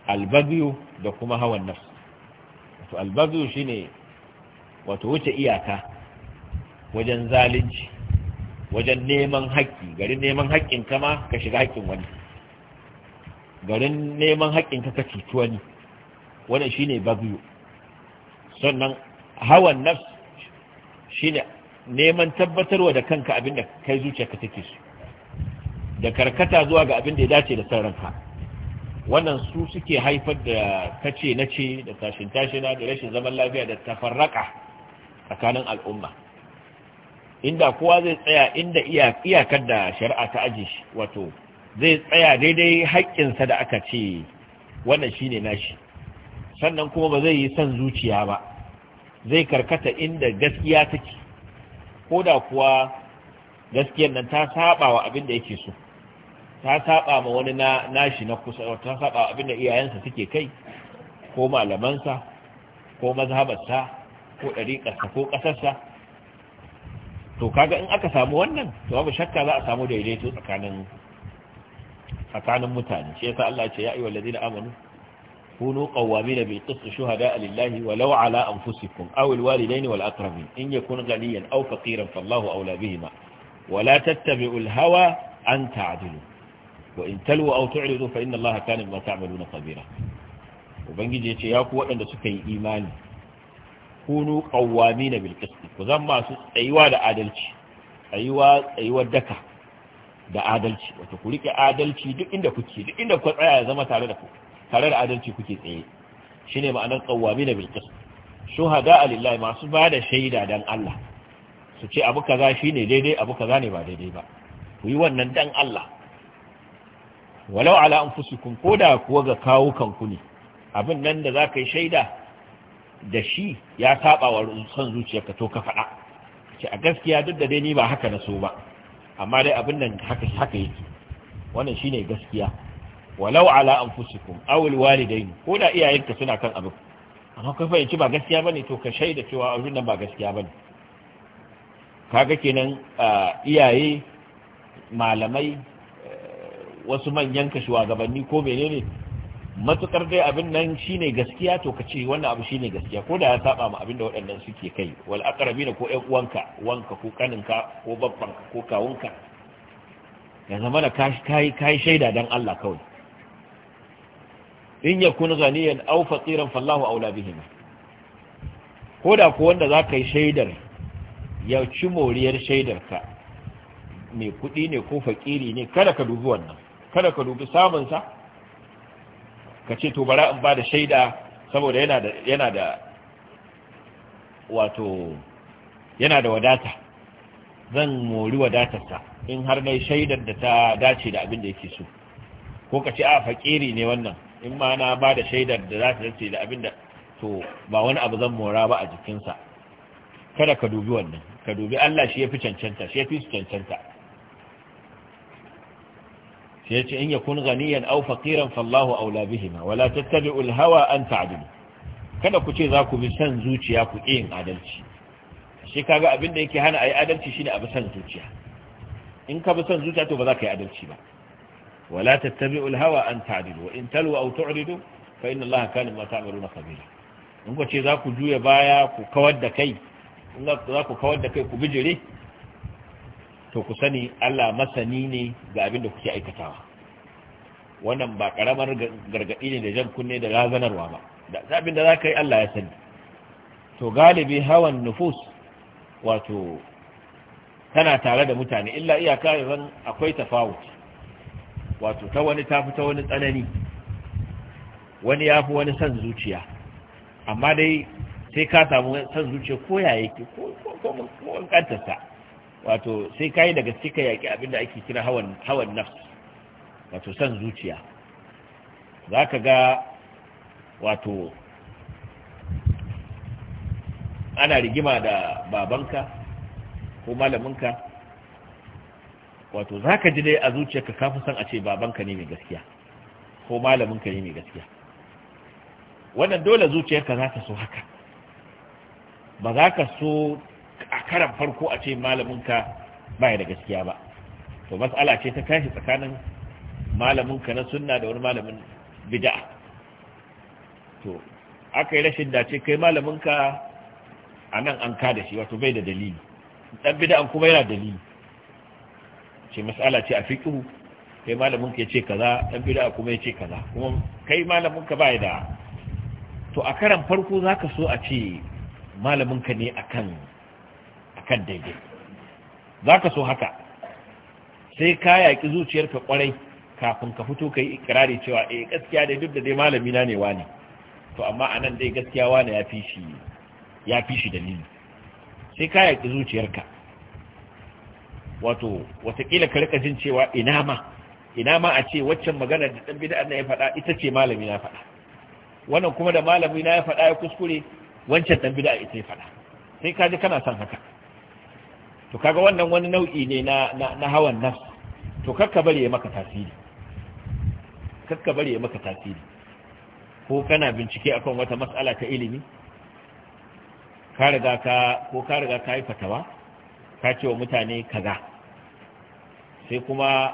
albagiyu da kuma hawan nafs wato albagiyu shine wato wuce iyaka wajen zalunci wajen neman haƙƙi garin neman haƙƙin kama ka shiga haƙƙin wani garin neman haƙƙin ka ka cuci wani wannan shine bagiyu sannan hawan nafs shine neman tabbatarwa da kanka abinda kai zuciyarka take su da karkata zuwa ga abin da ya dace da san ranka wannan su suke haifar da kace na ce da tashin tashina da rashin zaman lafiya da tafarraka tsakanin al'umma inda kowa zai tsaya inda iyakar da shari'a ta aji shi wato zai tsaya daidai haƙƙinsa da aka ce wannan shine nashi sannan kuma ba zai yi son zuciya ba zai karkata inda gaskiya take ko da kuwa gaskiyar nan ta saba wa abin da yake so ta saba ma wani na nashi na kusa ta saba abin da iyayensa suke kai ko malamansa ko mazhabarsa ko ɗariƙarsa ko ƙasarsa to kaga in aka samu wannan to babu shakka za a samu daidaito tsakanin mutane shi yasa Allah ya ce ya ayyuhal ladina amanu كونوا قوامين بالقسط شهداء لله ولو على أنفسكم أو الوالدين والأقربين إن يكون غنيا أو فقيرا فالله أولى بهما ولا تتبعوا الهوى أن تعدلوا وإن تلوا أو تعرضوا فإن الله كان بما تعملون خبيرا وبنجي يتي يا كو wadanda suka yi imani kunu qawamin bil qist ku zan masu tsayuwa da adalci tsayuwa tsayuwar daka da adalci wato ku rike adalci duk inda kuke duk inda ku tsaya ya zama tare da ku tare da adalci kuke tsaye shine ma'anar qawwamina bil qist shuhada lillahi masu ba da shaida don Allah su ce abu kaza ne daidai abu kaza ne ba daidai ba ku yi wannan dan Allah walau ala ko koda kuwa ga kawo kanku ne abin nan da zaka yi shaida da shi ya saba wa son ka to ka faɗa ce a gaskiya duk da dai ni ba haka na so ba amma dai abin nan haka haka yake wannan shine gaskiya walau ala anfusikum aw alwalidain ko da iyayenka suna kan abin amma ka fahimci ba gaskiya ba ne to ka shaida cewa abin nan ba gaskiya ba bane kaga kenan iyaye malamai eh, wasu manyan ka shugabanni ko menene matukar dai abin nan shine gaskiya to ka ce wannan abu shine gaskiya ko da ya saba ma abin da waɗannan suke kai wal aqrabina ko ƴan uwanka wanka ko kaninka ko babbanka ko kawunka ya zama da kai kai shaida dan Allah kawai in yakun zaniyan au faqiran fallahu aula bihima ko da ku wanda za ka yi shaidar ya ci moriyar shaidar ka mai kudi ne ko fakiri ne kada ka dubi wannan kada ka dubi samun sa ka ce to bara in ba da shaida saboda yana da wato yana da wadata zan mori wadatarsa in har na shaidar da ta dace da abin da yake so ko ka ce a fakiri ne wannan in ma na ba da shaidar da za ta dace da abin da to ba wani abu zan mora ba a jikinsa kada ka dubi wannan ka dubi Allah shi ya fi cancanta shi ya fi su cancanta shi ya ce in ya yakun ganiyan aw faqiran fallahu aula bihima wala tattabi'ul hawa an ta'dilu kada ku ce za ku bi san zuciya ku yin adalci shi kaga abin da yake hana ayi adalci shine abin san zuciya in ka bi san zuciya to ba za ka yi adalci ba ولا تتبعوا الهوى أن تعدلوا وإن تلوا أو تعرضوا فإن الله كان ما تعملون خبيرا in ku ce za ku juya baya ku kawar da kai za ku kawar da kai ku bijire to ku sani Allah masani ne ga abin da kuke aikatawa wannan ba karamar gargadi ne da jan kunne da razanarwa ba da abin da za ka yi Allah ya sani to galibi hawan nufus wato tana tare da mutane illa iyaka yanzu akwai tafawuci wato ta wani tafi ta wani tsanani wani ya fi wani san zuciya amma dai sai ka samu san zuciya ko ya yake ko kantarsa wato sai ka yi daga cika yaƙi abinda ake kira hawan nafs wato san zuciya za ka ga wato ana rigima da babanka ko malaminka wato za ka ji dai a zuciyarka kafin san a ce babanka ne mai gaskiya ko malaminka ne mai gaskiya wannan dole zuciyarka za ta so haka ba za ka so a karan farko a ce malaminka baya da gaskiya ba to mas'ala ce ta kashi tsakanin malaminka na sunna da wani malamin bid'a to aka yi rashin dace kai malaminka a nan an ka da shi wato bai da dalili dan bid'an kuma yana dalili ce mas'ala ce a fiqhu kai malamin ka yace kaza ɗan bid'a kuma yace kaza kuma kai malamin ka bai da to a karan farko zaka so a ce malamin ka ne akan akan daidai zaka so haka sai ka yaki zuciyarka kwarai kafin ka fito kai ikrari cewa eh gaskiya dai duk da dai malami na ne wani to amma anan dai gaskiya wani ya fi shi ya fi dalili sai ka yaki zuciyarka wato watakila ka rika jin cewa ina ma ina ma a ce waccan magana da dan bid'a na ya faɗa ita ce malami na faɗa wannan kuma da malami na ya faɗa ya kuskure wancan dan bid'a ita ya faɗa sai kaje kana son haka to kaga wannan wani nau'i ne na na hawan nafs to kakka bari ya maka tasiri kakka bari ya maka tasiri ko kana bincike akan wata mas'ala ta ilimi ka riga ka ko ka riga ka yi fatawa ka ce wa mutane kaza sai kuma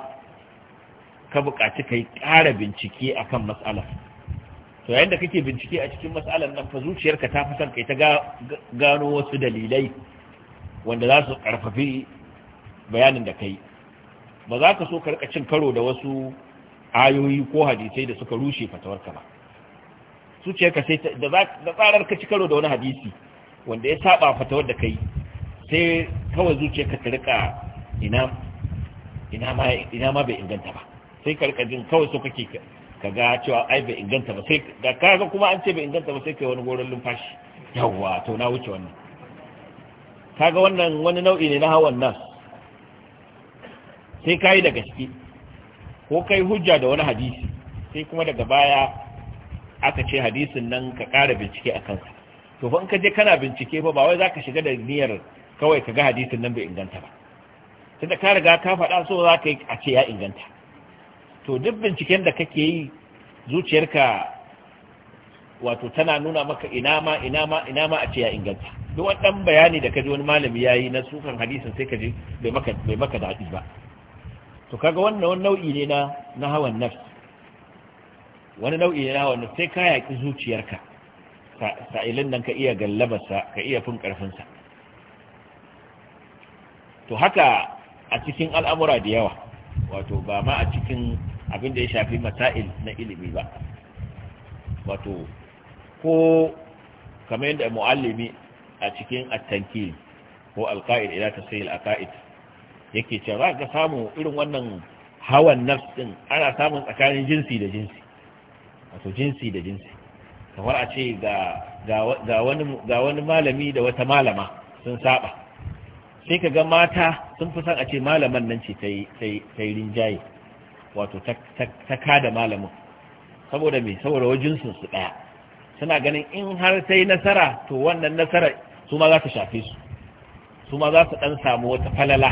ka buƙaci ka yi ƙara bincike a kan matsalar to yayin da kake bincike a cikin matsalar nan fa zuciyarka ta fi son kai ta gano wasu dalilai wanda za su ƙarfafi bayanin da kai ba za ka so ka rika cin karo da wasu ayoyi ko hadisai da suka rushe fatawarka ba zuciyarka sai da tsarar ka ci karo da wani hadisi wanda ya saba fatawar da kai sai kawai zuciyarka ta rika ina ina ma bai inganta ba sai karkajin kawai su kake ka ga cewa ai bai inganta ba sai da kaga kuma an ce bai inganta ba sai kai wani goron lumfashi yawwa to na wuce wannan kaga wannan wani nau'i ne na hawan nas sai kai da gaske ko kai hujja da wani hadisi sai kuma daga baya aka ce hadisin nan ka ƙara bincike a kansa to fa in ka je kana bincike fa ba wai zaka shiga da niyyar kawai ka ga hadisin nan bai inganta ba tunda ka riga ka faɗa so za ka yi a ce ya inganta to duk binciken da kake yi zuciyarka wato tana nuna maka ina ma ina ma ina ma a ce ya inganta duk wani bayani da kaji wani malami ya yi na sukan hadisin sai kaji bai maka bai maka daɗi ba to kaga wannan wani nau'i ne na na hawan nafs wani nau'i ne na hawan nafs sai ka yaƙi zuciyarka sa'ilin nan ka iya gallabarsa ka iya fin ƙarfinsa to haka a cikin al'amura da yawa wato ba ma a cikin abin da ya shafi masail na ilimi ba wato ko kamar yadda mu'allimi a cikin attanki ko alka'id ila sayi alka’id yake ce za ka samu irin wannan hawan nafsin. ana samun tsakanin jinsi da jinsi wato jinsi da jinsi kamar a ce ga wani malami da wata malama sun saba sai ka ga mata sun fi son a ce malaman nan ce ta yi rinjaye wato ta kada malamin saboda mai saboda wajinsu su ɗaya suna ganin in har sai nasara to wannan nasara su ma za su shafe su su ma za su ɗan samu wata falala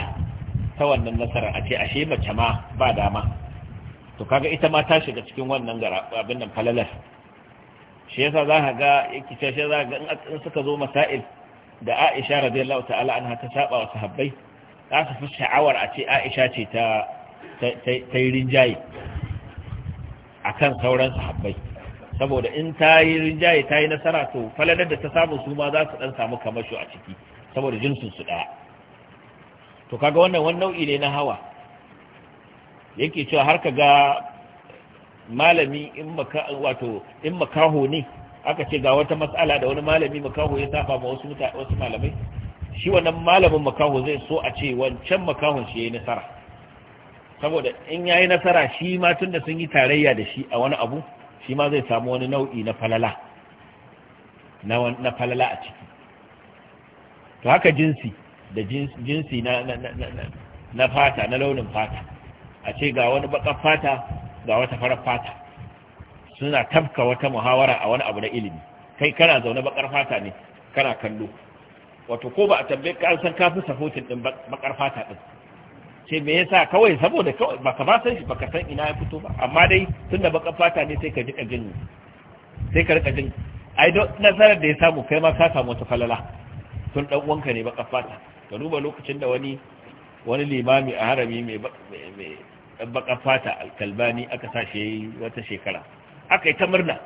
ta wannan nasara a ce ashe mace ma ba dama to kaga ita ma ta shiga cikin wannan abin nan falalar shi yasa za ka ga yake shi za ka ga in suka zo masail da Aisha radiyallahu ta'ala anha ta saba wa sahabbai za su fi sha'awar a ce Aisha ce ta ta yi rinjaye akan sauran sahabbai saboda in ta yi rinjaye ta yi nasara to faladar da ta samu su ma za su dan samu kamasho a ciki saboda jinsin su daya to kaga wannan wani nau'i ne na hawa yake cewa har ka ga malami in maka wato in makaho ne aka ce ga wata matsala da wani malami makaho ya saba ma wasu wasu malamai shi wannan malamin makaho zai so a ce wancan makahon shi yayi nasara saboda in yayi nasara shi ma tunda sun yi tarayya da shi a wani abu shi ma zai samu wani nau'i na falala na na falala a ciki to haka jinsi da jinsi na na na fata na launin fata a ce ga wani baƙar fata ga wata farar fata suna tafka wata muhawara a wani abu na ilimi kai kana zaune bakar fata ne kana kallo wato ko ba a tambaye ka san ka fi sapotin din bakar fata din sai me yasa kawai saboda kawai baka ba san shi baka san ina ya fito ba amma dai tunda bakar fata ne sai ka ji kajin sai ka rika jin ai don nasarar da ya samu kai ma ka samu wata falala tun dan uwanka ne bakar fata ka duba lokacin da wani wani limami a harami mai bakar fata alkalbani aka sa shi wata shekara aka yi ta murna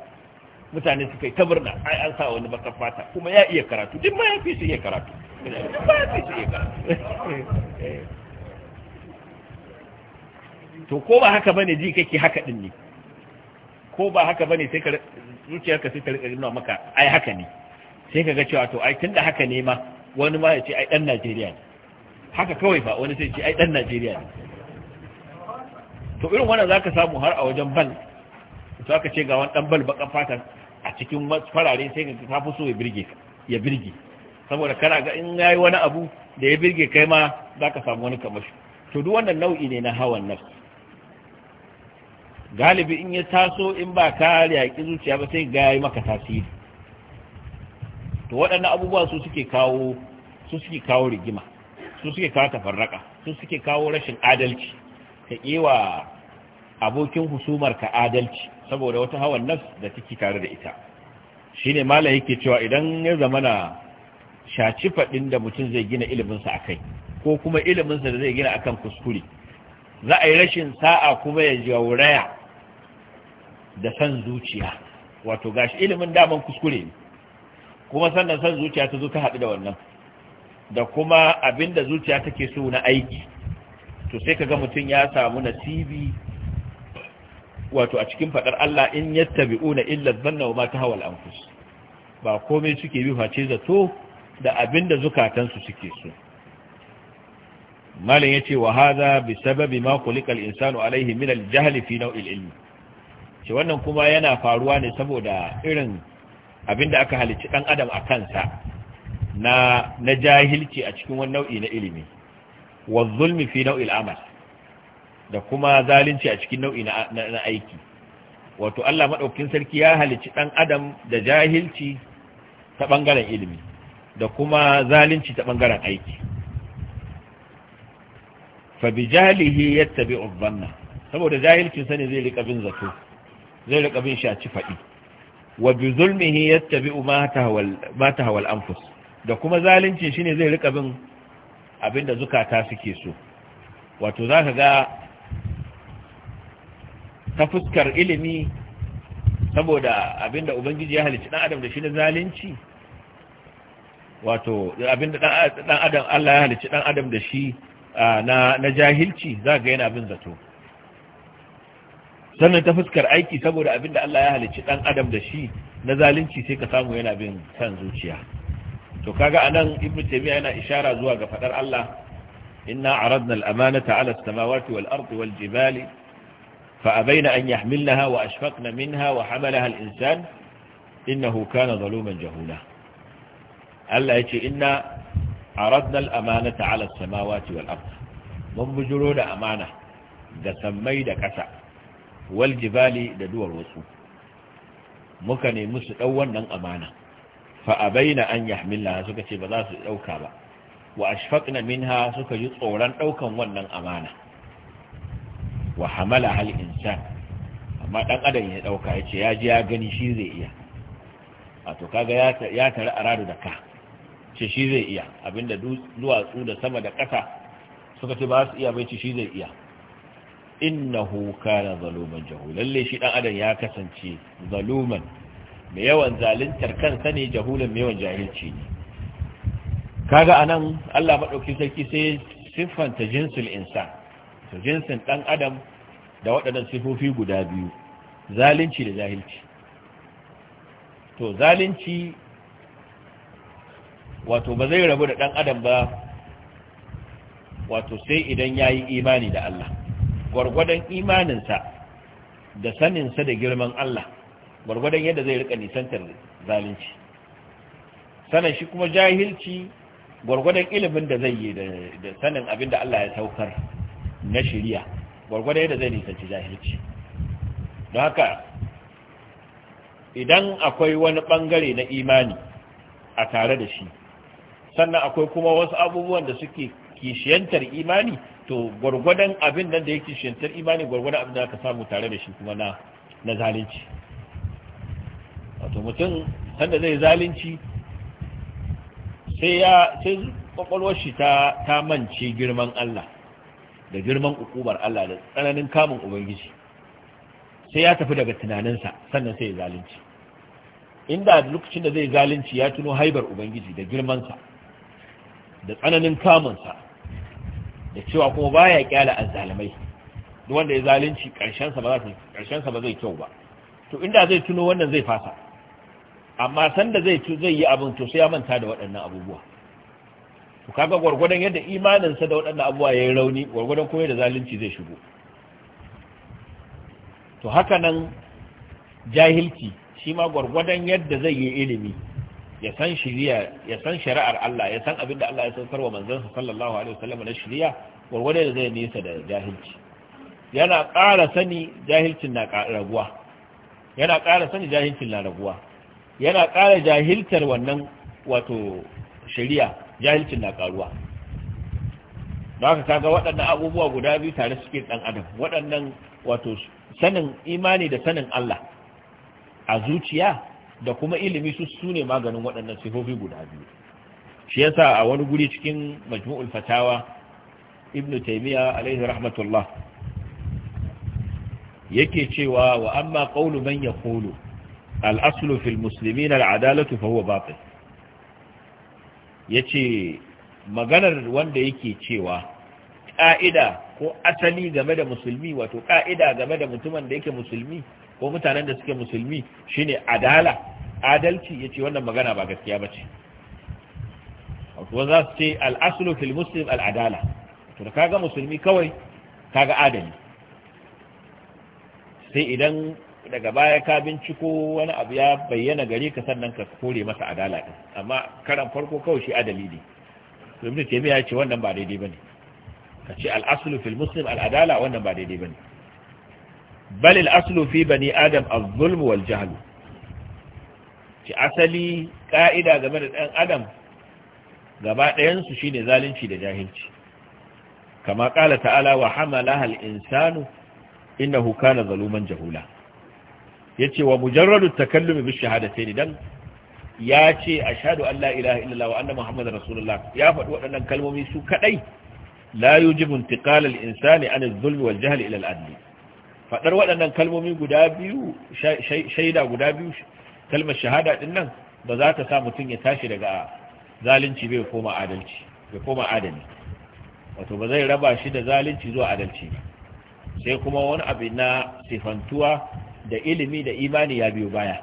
mutane suka yi ta murna ai an sa wani baka fata kuma ya iya karatu din ma ya fi su iya karatu to ko ba haka bane ji kake haka din ne ko ba haka bane sai ka zuciyarka sai ta rika nuna maka ai haka ne sai ka ga cewa to ai tunda haka ne ma wani ma ya ce ai dan Najeriya ne haka kawai ba wani sai ce ai dan Najeriya ne to irin wannan zaka samu har a wajen bank to aka ce ga wani dan bal bakan fatan a cikin farare sai ka tafi so ya birge ya birge saboda kana ga in yayi wani abu da ya birge kai ma zaka samu wani kamashi to duk wannan nau'i ne na hawan nafsi galibi in ya taso in ba ka yaki zuciya ba sai ga yayi maka tasiri to waɗannan abubuwa su suke kawo su suke kawo rigima su suke kawo tafarraka su suke kawo rashin adalci ka kewa abokin husumar ka adalci saboda wata hawan nas da take tare da ita shine mala yake cewa idan ya zamana shaci fadin da mutum zai gina ilimin sa akai ko kuma ilimin da zai gina akan kuskure za a yi rashin sa'a kuma ya jauraya da san zuciya wato gashi ilimin daman kuskure ne kuma sannan san zuciya ta zo ta haɗu da wannan da kuma abinda zuciya take so na aiki to sai ga mutum ya samu nasibi wato a cikin fadar Allah in yattabi'una illa dhanna wa ma tahawa al-anfus ba komai suke bi face zato da abinda zukatan su suke so malam yace wa hadha bisababi ma khuliqa al-insanu alayhi min al-jahl fi naw'il ilmi ce wannan kuma yana faruwa ne saboda irin abinda aka halicci dan adam a kansa na na jahilci a cikin wani nau'i na ilimi wa zulmi fi nau'il amal da kuma zalunci a cikin nau'i na aiki wato Allah maɗaukin sarki ya halicci ɗan adam da jahilci ta ɓangaren ilimi da kuma zalunci ta ɓangaren aiki fa bi jahilihi yattabi'u dhanna saboda jahilcin sani zai rika bin zato zai rika bin shaci faɗi wa bi zulmihi yattabi'u ma tahawal ma tahawal anfus da kuma zalincin shine zai rika bin abinda zukata suke so wato zaka ga ta fuskar ilimi saboda abinda ubangiji ya halicci dan adam da shi na zalunci wato abinda dan adam Allah ya halicci dan adam da shi na na jahilci zaka yana abin zato sannan ta fuskar aiki saboda abinda Allah ya halicci dan adam da shi na zalunci sai ka samu yana bin san zuciya to kaga anan ibnu taymiya yana ishara zuwa ga fadar Allah inna aradna al-amanata ala as-samawati wal-ardi wal-jibali فأبين أن يحملنها وأشفقن منها وحملها الإنسان إنه كان ظلوما جهولا ألا يتي إنا عرضنا الأمانة على السماوات والأرض ممجرون أمانة ذا سميد كسع والجبال ذا دور وصف مكني مستوانا أمانة فأبين أن يحملها سكتي بضاس أوكابا وأشفقن منها سكتي طولا أو ونن أمانة wa hamala hal insan amma dan adam ya dauka yace, ya ji ya gani shi zai iya wato kaga ya tare aradu da ka ce shi zai iya abinda duwatsu da sama da kasa suka ce ba su iya bai ce shi zai iya innahu kana zaluman jahul lalle shi dan adam ya kasance zaluman mai yawan zaluntar kansa ne jahulan mai yawan jahilci ne kaga anan Allah madauki sarki sai siffanta jinsul insan to jinsin ɗan adam da waɗannan sifofi guda biyu zalunci da jahilci to zalunci wato ba zai rabu da ɗan adam ba wato sai idan ya yi imani da Allah gwargwadon imaninsa da saninsa da girman Allah gwargwadon yadda zai rika nisantar zalunci sanin shi kuma jahilci gwargwadon ilimin da zai yi da sanin abin da Allah ya saukar na shari'a gwargwadon yadda zai nisanci jahilci don haka idan akwai wani bangare na imani a tare da shi sannan akwai kuma wasu abubuwan da suke kishiyantar imani to gwargwadon abin nan da ya kishiyantar imani gwargwadon abin da aka samu tare da shi kuma na zalunci wato mutum sanda zai zalunci sai ya sai kwakwalwar shi ta ta mance girman Allah da girman ukubar Allah da tsananin kamun ubangiji sai ya tafi daga tunaninsa sannan sai ya zalunci inda lokacin da zai zalunci ya tuno haibar ubangiji da girmansa da tsananin kamunsa da cewa kuma ba ya kyala a duk wanda ya zalunci karshen sa ba zai kyau ba to inda zai tuno wannan zai fasa amma sanda zai yi abin to sai ya manta da waɗannan abubuwa to kaga gwargwadon yadda imaninsa da waɗannan abubuwa yayin rauni gwargwadon kuma da zalunci zai shigo to haka nan jahilci shi ma gwargwadon yadda zai yi ilimi ya san shari'a ya san shari'ar Allah ya san abin da Allah ya saukar wa sa sallallahu alaihi wasallam na shari'a gwargwadon da zai nisa da jahilci yana ƙara sani jahilcin na raguwa yana ƙara sani jahilcin na raguwa yana ƙara jahiltar wannan wato shari'a jahilcin na karuwa da ka kaga waɗannan abubuwa guda biyu tare suke ɗan adam waɗannan wato sanin imani da sanin Allah a zuciya da kuma ilimi su su ne maganin waɗannan sifofi guda biyu shi yasa a wani guri cikin majmu'ul fatawa ibn taymiya alaihi rahmatullah yake cewa wa amma qawlu man yaqulu al-aslu fil muslimina al-adalatu fa huwa batil Ya ce maganar wanda yake cewa ƙa'ida ko asali game da musulmi wato ƙa'ida game da mutumin da yake musulmi ko mutanen da suke musulmi shine adala adalci ya ce wannan magana ba gaskiya ba ce. wato za su ce al fil muslim al’adala to da kaga musulmi kawai kaga adali sai idan daga baya ka binciko wani abu ya bayyana gare ka sannan ka kore masa adala din amma karan farko kawai shi adali ne ibn taymiya ya ce wannan ba daidai bane ka ce al-aslu fil muslim al-adala wannan ba daidai bane bal al-aslu fi bani adam al zulm wal jahl ci asali ka'ida game da dan adam gaba ɗayan su shine zalunci da jahilci kama qala ta'ala wa hamalaha al-insanu innahu kana zaluman jahula Ya ce wa mujarradu takallumi bi shahadatayn dan ya ce a shaɗu Allah ilaha illallah wa anna muhammadar rasulullah ya faɗi waɗannan kalmomi su kaɗai. la yi intiqal al-insani an zulmi dhulmi wal jahli ila faɗar waɗannan kalmomi guda biyu shaida guda biyu kalmar shahada din nan ba za ta sa mutum ya tashi daga zalunci bai koma adalci bai koma adali wato ba zai raba shi da zalunci zuwa adalci sai kuma wani abu na sifantuwa da ilimi da imani ya biyo baya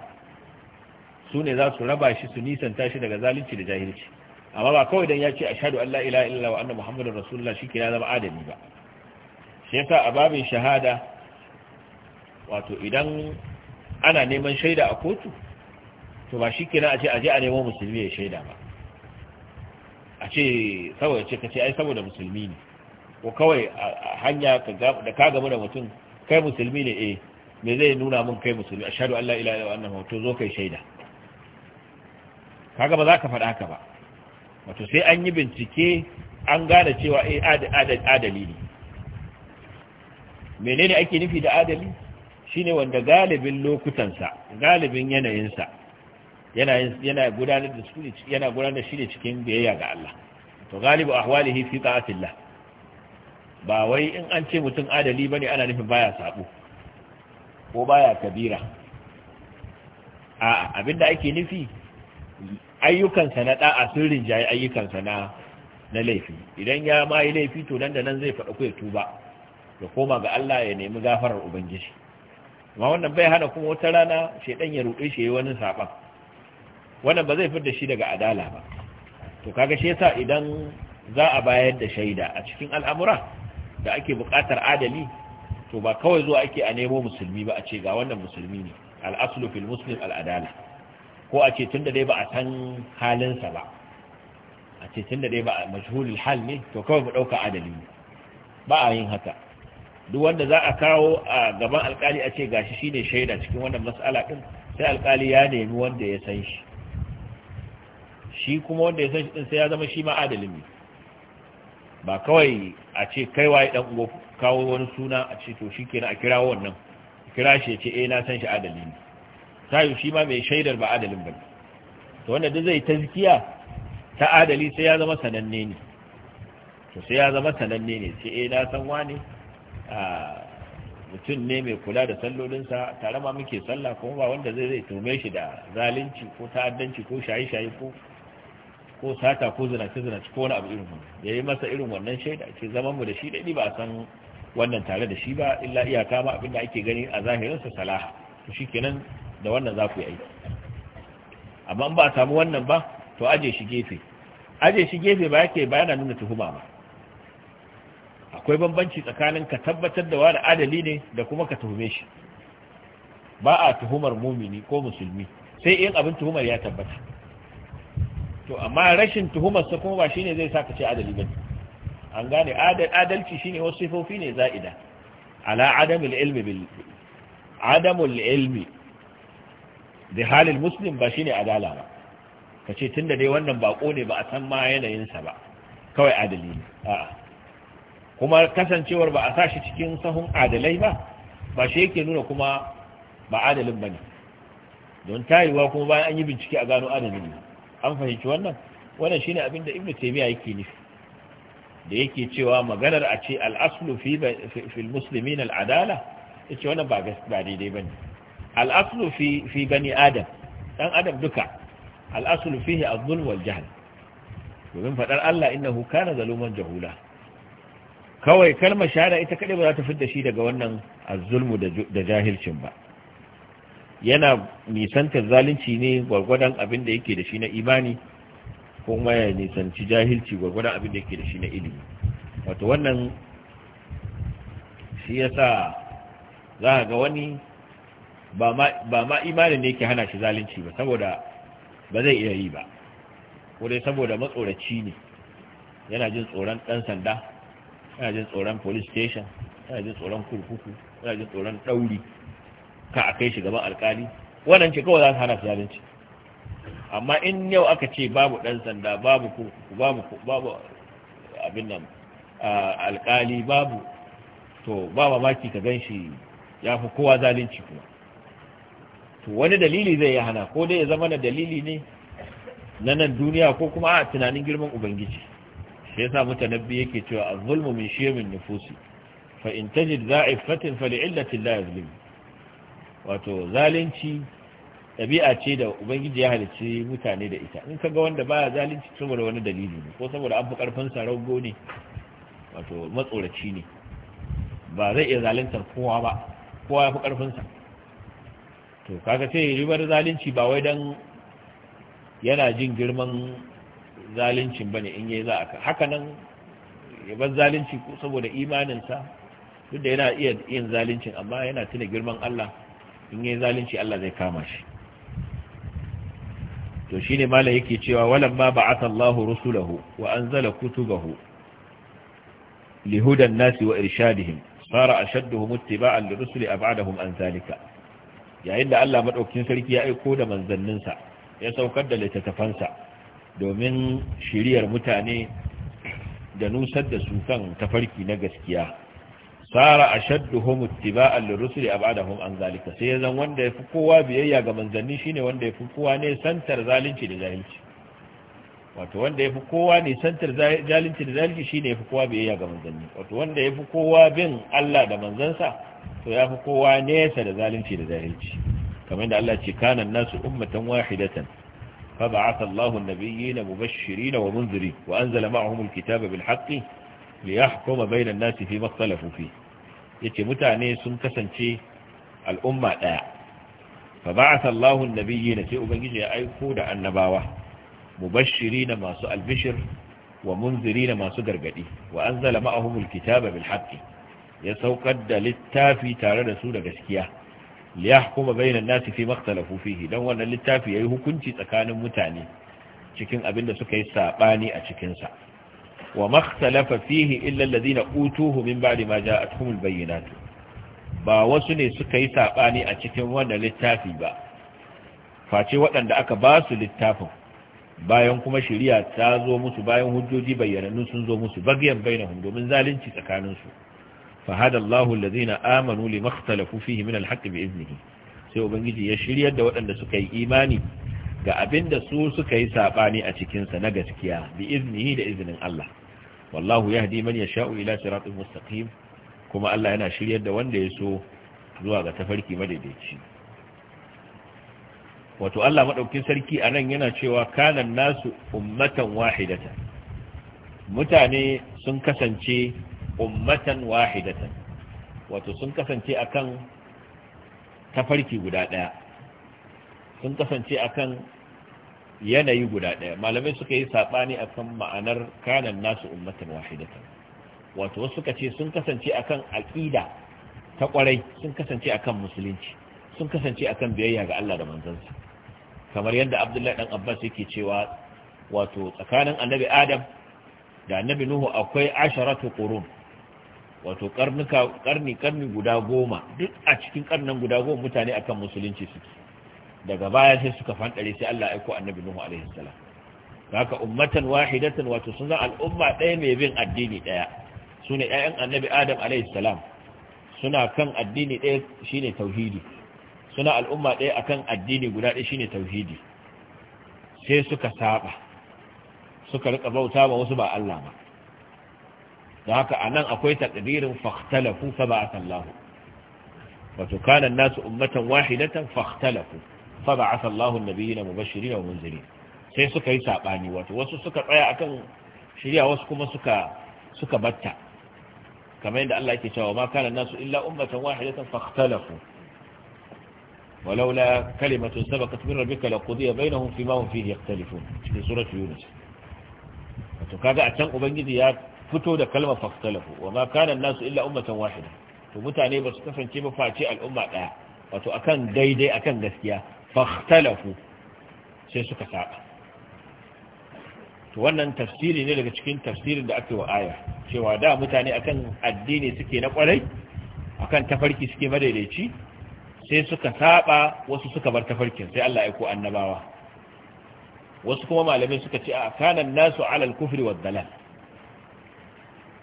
su ne za su raba shi su nisanta shi daga zalunci da jahilci amma ba kawai don ya ce a shaɗu Allah ilaha illa wa annan Muhammadu rasulullah ke ya zama adami ba shi yasa a babin shahada wato idan ana neman shaida a kotu to ba ke na a ce aje a nemo musulmi ya shaida ba a ce saboda ce ka ce ai saboda musulmi ne ko kawai a hanya da ka gamu da mutum kai musulmi ne eh me zai nuna mun kai musulmi A shaɗu Allah ila ila wannan hoto zo kai shaida kaga ba za ka faɗa haka ba wato sai an yi bincike an gane cewa eh adali ne menene ake nufi da adali shine wanda galibin lokutansa galibin yanayinsa yana yana gudanar da su yana gudanar shi ne cikin biyayya ga Allah to galibu ahwalihi fi ta'atillah ba wai in an ce mutum adali bane ana nufin baya sabo ko baya kabira a abinda ake nufi ayyukansa na da'a sun rinjaye ayyukansa na na laifi idan ya ma laifi to nan da nan zai faɗa ya tuba ya koma ga Allah ya nemi gafarar ubangiji amma wannan bai hana kuma wata rana shedan ya ruɗe shi wani saban wannan ba zai fitar da shi daga adala ba to kaga shi yasa idan za a bayar da shaida a cikin al'amura da ake buƙatar adali to ba kawai zuwa ake a nemo musulmi ba a ce ga wannan musulmi ne al'aslu fil muslim al'adala ko a ce tun da dai ba a san halinsa ba a ce tun da dai ba a majhulul hal ne to kawai mu dauka adali ba a yin haka duk wanda za a kawo a gaban alkali a ce gashi shine shaida cikin wannan mas'ala din sai alkali ya nemi wanda ya san shi shi kuma wanda ya san shi din sai ya zama shi ma adalin ne ba kawai a ce kai waye dan uwa kawo wani suna a ce to shikenan a kira wannan kira shi ya ce eh na san shi adali ne sai shi ma mai shaidar ba adalin ba to wanda duk zai tazkiya ta adali sai ya zama sananne ne to sai ya zama sananne ne sai eh na san wani a mutum ne mai kula da sallolinsa tare ma muke sallah kuma ba wanda zai zai tume shi da zalunci ko ta'addanci ko shaye-shaye ko ko sata ko zinace zinace ko wani abu irin ya yi masa irin wannan shaida ce zaman mu da shi daɗi ba a san wannan tare da shi ba illa iyaka ma abinda ake gani a zahirinsa salaha to kenan da wannan za ku yi aiki amma ba a samu wannan ba to aje shi gefe aje shi gefe ba yake bayana nuna tuhuma ba akwai bambanci tsakanin ka tabbatar da wani adali ne da kuma ka tuhume shi ba a tuhumar mumini ko musulmi sai in abin tuhumar ya tabbata to amma rashin tuhumarsa kuma ba shi ne zai saka ce adali ba an gane adalci shi ne wasu sifofi ne za'ida ala adamul ilmi bil adamul ilmi da halin muslim ba shi ne adala ba Ka ce tun da dai wannan bako ne ba a san ma yanayinsa ba kawai adali ne a'a kuma kasancewar ba a sa shi cikin sahun adalai ba ba shi yake nuna kuma ba adalin ba ne. don tayiwa kuma bayan an yi bincike a gano adalin ne an fahimci wannan wannan shine abin da ibnu taymiya yake nufi da yake cewa maganar a ce al-aslu fi fil muslimin al-adala yace wannan ba ba daidai bane al-aslu fi fi bani adam dan adam duka al-aslu fihi adh-dhulm wal jahl domin fadar Allah innahu kana zaluman jahula kawai kalmar shahada ita kadai ba za ta fidda shi daga wannan azzulmu da jahilcin ba yana nisantar zalunci ne gwargwadon abin da yake da shi na imani kuma ya nisanci jahilci gwargwadon abin da yake da shi na ilimi wato wannan shi yasa za a ga wani ba ma imanin ne yake hana shi zalunci ba saboda ba zai iya yi ba ko dai saboda matsoraci ne yana jin tsoron dan sanda yana jin tsoron police station yana jin tsoron kurkuku yana jin tsoron ɗauri ka a kai shi gaban alkali wannan ce kawai za su hana zalunci amma in yau aka ce babu ɗan sanda babu babu babu abin nan alkali babu to ba mamaki ka gan shi ya fi kowa zalunci kuma to wani dalili zai yi hana ko dai ya zama na dalili ne na nan duniya ko kuma a tunanin girman ubangiji sai yasa mutanabbi yake cewa az-zulmu min shiyamin nufusi fa in tajid za'ifatin fa li'illati la yuzlimu wato zalunci ɗabi'a ce da ubangiji ya halicci mutane da ita in kaga wanda baya zalunci saboda wani dalili ne ko saboda an fi karfin sa rago ne wato matsoraci ne ba zai iya zaluntar kowa ba kowa ya fi karfin sa to kaga sai ribar zalunci ba wai dan yana jin girman zaluncin bane in yayi za ka haka nan ya bar zalunci saboda imanin sa duk da yana iya yin zaluncin amma yana tuna girman Allah in yi zalunci Allah zai kama shi to shi ne mala yake cewa walamma ba Allahu rusulahu wa anzala kutubahu lihudan nasi wa irshadihim sara ashadduhum ittiba'an lirusuli ab'adahum an zalika yayin da Allah madaukakin sarki ya aiko da manzanninsa ya saukar da littattafansa domin shiriyar mutane da nusar da su kan tafarki na gaskiya sara a ashadduhum a lirrusuli ab'adahum an zalika sai ya zan wanda fi kowa biyayya ga manzanni shine wanda ya fi kowa ne santar zalunci da zalunci wato wanda ya fi kowa ne santar zalunci da zalunci shine yafi kowa biyayya ga manzanni wato wanda ya fi kowa bin Allah da manzansa to ya fi kowa nesa da zalunci da zalunci kamar da Allah ce kana nasu ummatan wahidatan فبعث الله النبيين مبشرين ومنذرين وأنزل معهم الكتاب بالحق ليحكم بين الناس فيما اختلفوا فيه ce mutane sun kasance al'umma ɗaya. fa a Allahu an-nabiyina sai ubangiji ya aiko da annabawa Mu na masu albishir wa na masu gargadi wa zala ma'ahumul kitaba bil ya saukar da littafi tare da su da gaskiya kuma bayyana nasi fi makhtalafu fihi dan wannan littafi yi hukunci tsakanin mutane cikin abin da suka yi saɓani a cikinsa. wa makhtalafa fihi illa alladhina utuhu min a ma ja'atuhumul bayyinat ba wasu ne suka yi sabani a cikin wannan littafi ba face waɗanda aka ba su littafin bayan kuma shari'a ta zo musu bayan hujjoji bayyanannu sun zo musu bagyan bainahum domin zalunci tsakanin su fa hada Allahu alladhina amanu limakhtalafu fihi min alhaqqi bi iznihi sai ubangiji ya shiryar da waɗanda suka yi imani ga abinda su suka yi saɓani a cikinsa na gaskiya bi iznihi da iznin Allah wallahu yahdi man sha'u ila siratin mustaqim kuma Allah yana shiryar da wanda ya so zuwa ga tafarki madaidaici wato Allah maɗaukin sarki a nan yana cewa kanan nasu ummatan wahidata mutane sun kasance ummatan wahidata wato sun kasance akan tafarki guda daya sun kasance akan yanayi guda ɗaya malamai suka yi saɓani akan ma'anar kanan nasu ummatan wahidatan wato wasu suka ce sun kasance akan aƙida ta ƙwarai sun kasance akan musulunci sun kasance akan biyayya ga Allah da manzansa kamar yadda Abdullahi dan Abbas yake cewa wato tsakanin annabi Adam da annabi Nuhu akwai asharatu qurun wato karnuka karni karni guda goma duk a cikin karnan guda goma mutane akan musulunci suke daga baya sai suka fanɗare sai Allah aiko annabi Nuhu alaihi salam haka ummatan wahidatan wato sun zan al'umma ɗaya mai bin addini ɗaya su ne ‘ya'yan annabi adam alaihi salam suna kan addini ɗaya shine tauhidi suna al'umma ɗaya a kan addini guda ɗaya shine tauhidi sai suka saba suka rika bauta ba wasu ba Allah ba Da haka a nan akwai takdirin fahtalafu fa ba a sallahu wato kanan nasu ummatan wahidatan fahtalafu fa ba'atha Allahu an-nabiyina mubashirin wa munzirin sai suka yi sabani wato wasu suka tsaya akan shirya wasu kuma suka suka batta kamar yadda Allah yake cewa ma kana nasu illa ummatan wahidatan fakhtalafu ولولا كلمة سبقت من ربك لقضي بينهم فيما هم فيه يختلفون في سورة يونس وتكاغا أتن أبنجي يا فتو دا كلمة فاختلفوا وما كان الناس إلا أمة واحدة ba بس كفن كيف فاتي الأمة لا وتو أكن ديدي أكن gaskiya. fahtalafu sai suka saba to wannan tafsiri ne daga cikin tafsirin da ake wa aya cewa da mutane akan addini suke na kwarai akan tafarki suke madaidaici sai suka saba wasu suka bar tafarkin sai Allah ya ko annabawa wasu kuma malamai suka ce a kanan nasu alal kufri wad dalal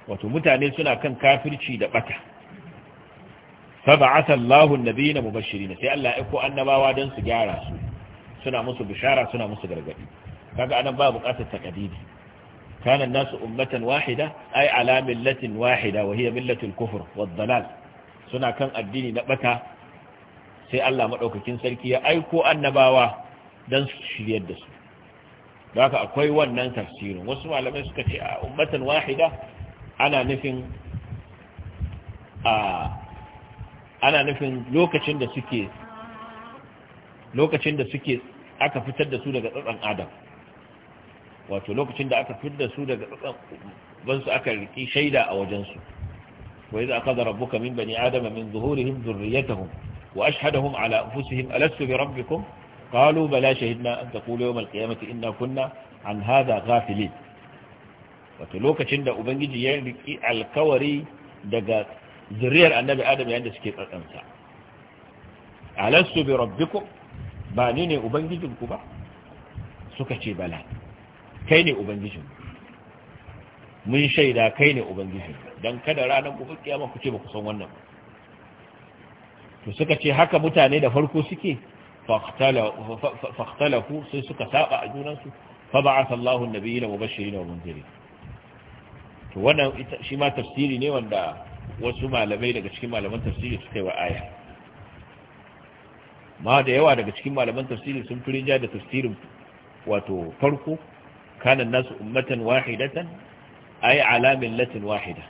wato mutane suna kan kafirci da bata fab'atha na an-nabiyina mubashirin sai Allah ya ko annabawa dan su gyara su suna musu bishara suna musu gargadi kaga anan ba buƙatar taqdidi kana an-nasu ummatan wahida ay ala millatin wahida wa hiya millatul kufr wad-dalal suna kan addini na bata sai Allah madaukakin sarki ya aiko annabawa dan su shiryar da su haka akwai wannan tafsirin wasu malamai suka ce a ummatan wahida ana nufin a ana nufin lokacin da suke lokacin da suke aka fitar da su daga tsatsan adam wato lokacin da aka fitar da su daga tsatsan bansu aka riki shaida a wajensu wa idza akhadha rabbuka min bani adama min zuhurihim dhurriyyatahum wa ashhadahum ala anfusihim alastu bi rabbikum qalu bala shahidna an taqulu yawm al-qiyamati inna kunna an hadha ghafilin wato lokacin da ubangiji ya riki alkawari daga zuriyar annabi adam yayin da suke tsatsansa alastu bi rabbikum ba ni ne ubangijinku ba suka ce bala kai ne ubangijin mun shaida kai ne ubangijin don kada ranar gobe kiyama ku ce ba ku san wannan to suka ce haka mutane da farko suke fakhtalafu sai suka saba a junansu fa ba a ba'atha Allahu an-nabiyina mubashirin wa munzirin to wannan shi ma tafsiri ne wanda wasu malamai daga cikin malaman tafsiri suka yi wa aya ma da yawa daga cikin malaman tafsiri sun fi rija da tafsirin wato farko kanan nasu ummatan wahidatan ay ala millatin wahida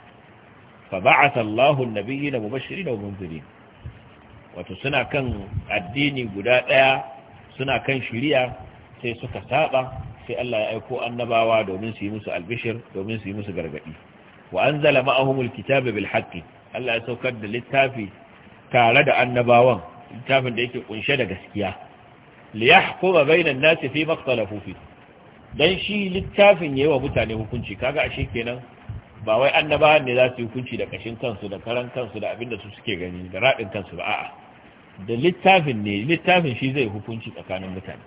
fa ba'atha Allahu an-nabiyina mubashirin wa munzirin wato suna kan addini guda daya suna kan shari'a sai suka saba sai Allah ya aiko annabawa domin su yi musu albishir domin su yi musu gargadi wa anzala ma'ahumul kitaba bil haqqi Allah ya saukar da littafi tare da annabawan littafin da yake kunshe da gaskiya li yahkuma bainan nasi fi maqtalafu fi dan shi littafin yayi wa mutane hukunci kaga ashe kenan ba wai annabawan ne za su yi hukunci da kashin kansu da karan kansu da abinda su suke gani da radin kansu ba a'a da littafin ne littafin shi zai hukunci tsakanin mutane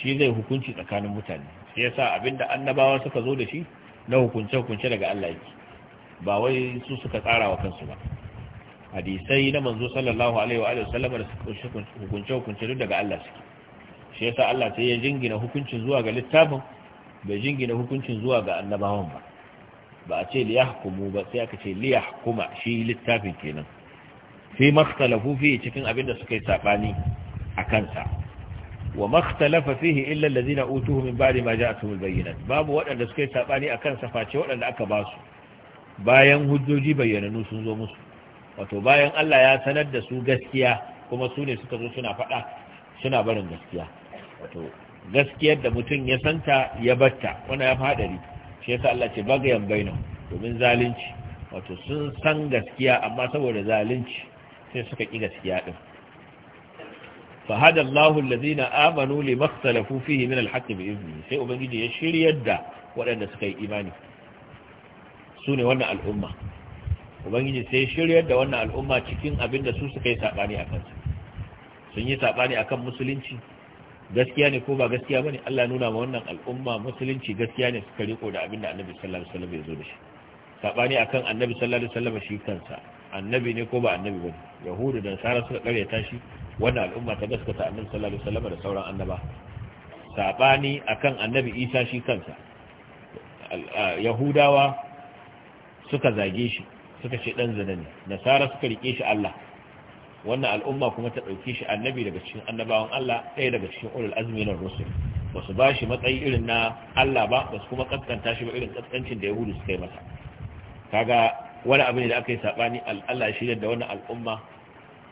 shi zai hukunci tsakanin mutane sai yasa abinda annabawa suka zo da shi na hukunce-hukunce daga Allah yake ba wai su suka tsara wa kansu ba hadisai na manzo sallallahu alaihi wa sallama da hukunce-hukunce duk daga Allah suke shi yasa Allah sai ya jingina hukuncin zuwa ga littafin bai jingina hukuncin zuwa ga annabawan ba ba a ce liyahkumu ba sai aka ce liyahkuma shi littafin kenan fi maktalahu fi cikin abin da suka yi sabani a kansa wa makhtalafa fihi illa allazina utuhu min ba'di ma ja'atuhum albayyinat babu waɗanda suka yi sabani akan safaci waɗanda aka ba su bayan hujjoji bayyananu sun zo musu wato bayan Allah ya sanar da su gaskiya kuma su ne suka zo suna faɗa suna barin gaskiya wato gaskiyar da mutum ya santa ya batta wannan ya fadari shi yasa Allah ce bagayan bainu domin zalunci wato sun san gaskiya amma saboda zalunci sai suka ki gaskiya din فهدى sai Ubangiji ya لما da waɗanda suka yi imani su ne wannan al'umma Ubangiji sai إيماني سوني وانا الأمة وبنجي سيشير يدى su suka yi saɓani a سكي sun yi saɓani a kan musulunci? gaskiya ne ko ba gaskiya ne? Allah nuna ma wannan al'umma musulunci gaskiya ne suka riko da abin da Annabi sallallahu alaihi wasallam ya zo da shi a kan Annabi sallallahu alaihi wasallam shi kansa annabi ne ko ba annabi ba yahudu da nasara suka karyata shi wannan al'umma ta gaskata annabi sallallahu alaihi wasallam da sauran annaba sabani akan annabi isa shi kansa yahudawa suka zage shi suka ce dan zina ne nasara suka rike shi Allah wannan al'umma kuma ta dauke shi annabi daga cikin annabawan Allah ɗaya daga cikin ulul azmi na rusul bashi ba shi matsayi irin na Allah ba ba su kuma kaskanta shi ba irin kaskancin da yahudu suka yi masa kaga wani abu ne da aka yi saɓani Allah shirya da wani al'umma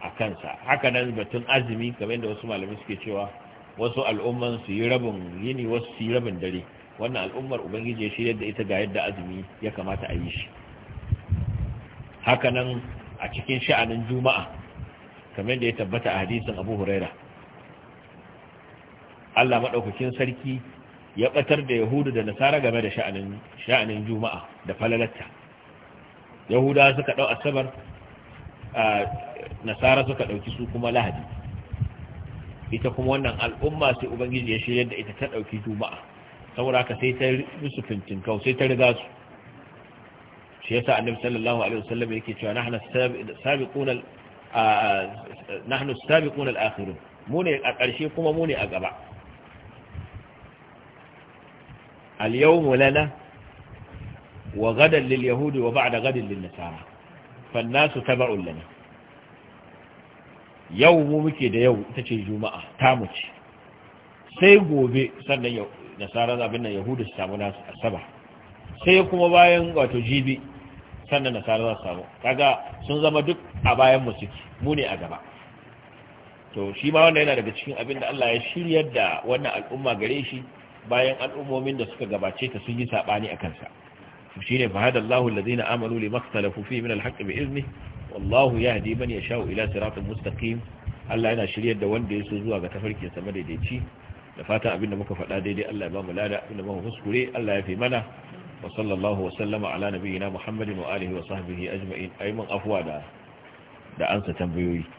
a kansa haka nan batun azumi kamar yadda wasu malamai suke cewa wasu al'umman su yi rabin yini wasu su yi rabin dare wannan al'ummar ubangiji ya shirya da ita ga yadda azumi ya kamata a yi shi haka nan a cikin sha'anin juma'a kamar yadda ya tabbata a hadisin abu huraira Allah maɗaukakin sarki ya ɓatar da yahudu da nasara game da sha'anin juma'a da falalatta yahuda suka ɗau asabar nasara suka ɗauki su kuma lahadi ita kuma wannan al'umma sai ubangiji ya shirya da ita ta ɗauki juma'a saboda haka sai ta musu fintinkau sai ta riga su shi yasa annabi sallallahu alaihi wasallam yake cewa nahnu sabiquna nahnu sabiquna al-akhirun mu ne a ƙarshe kuma mu ne a gaba al-yawmu lana wa gadan lil yahudi wa ba'da gadin lil nasara fan ta taba'un lana yau mu muke da yau ita ce juma'a ta mu ce sai gobe sannan nasara abin nan yahudu su samu nasu asaba sai kuma bayan wato jibi sannan nasara za su samu kaga sun zama duk a bayan mu suke mu ne a gaba to shi ma wannan yana daga cikin abin da Allah ya shiryar da wannan al'umma gare shi bayan al'ummomin da suka gabace ta sun yi sabani a kansa shine fa hada Allahu alladhina amanu limaktalafu fihi min alhaqqi bi izni wallahu mani ya sha'u ila siratin mustaqim Allah yana shiryar da wanda ya so zuwa ga tafarkin sa madaidaici da fatan abinda muka faɗa daidai Allah ya ba mu lada abinda muka kuskure Allah ya fi mana wa sallallahu wa sallama ala nabiyyina Muhammadin wa alihi wa sahbihi ajma'in ayman afwa da da ansa tambayoyi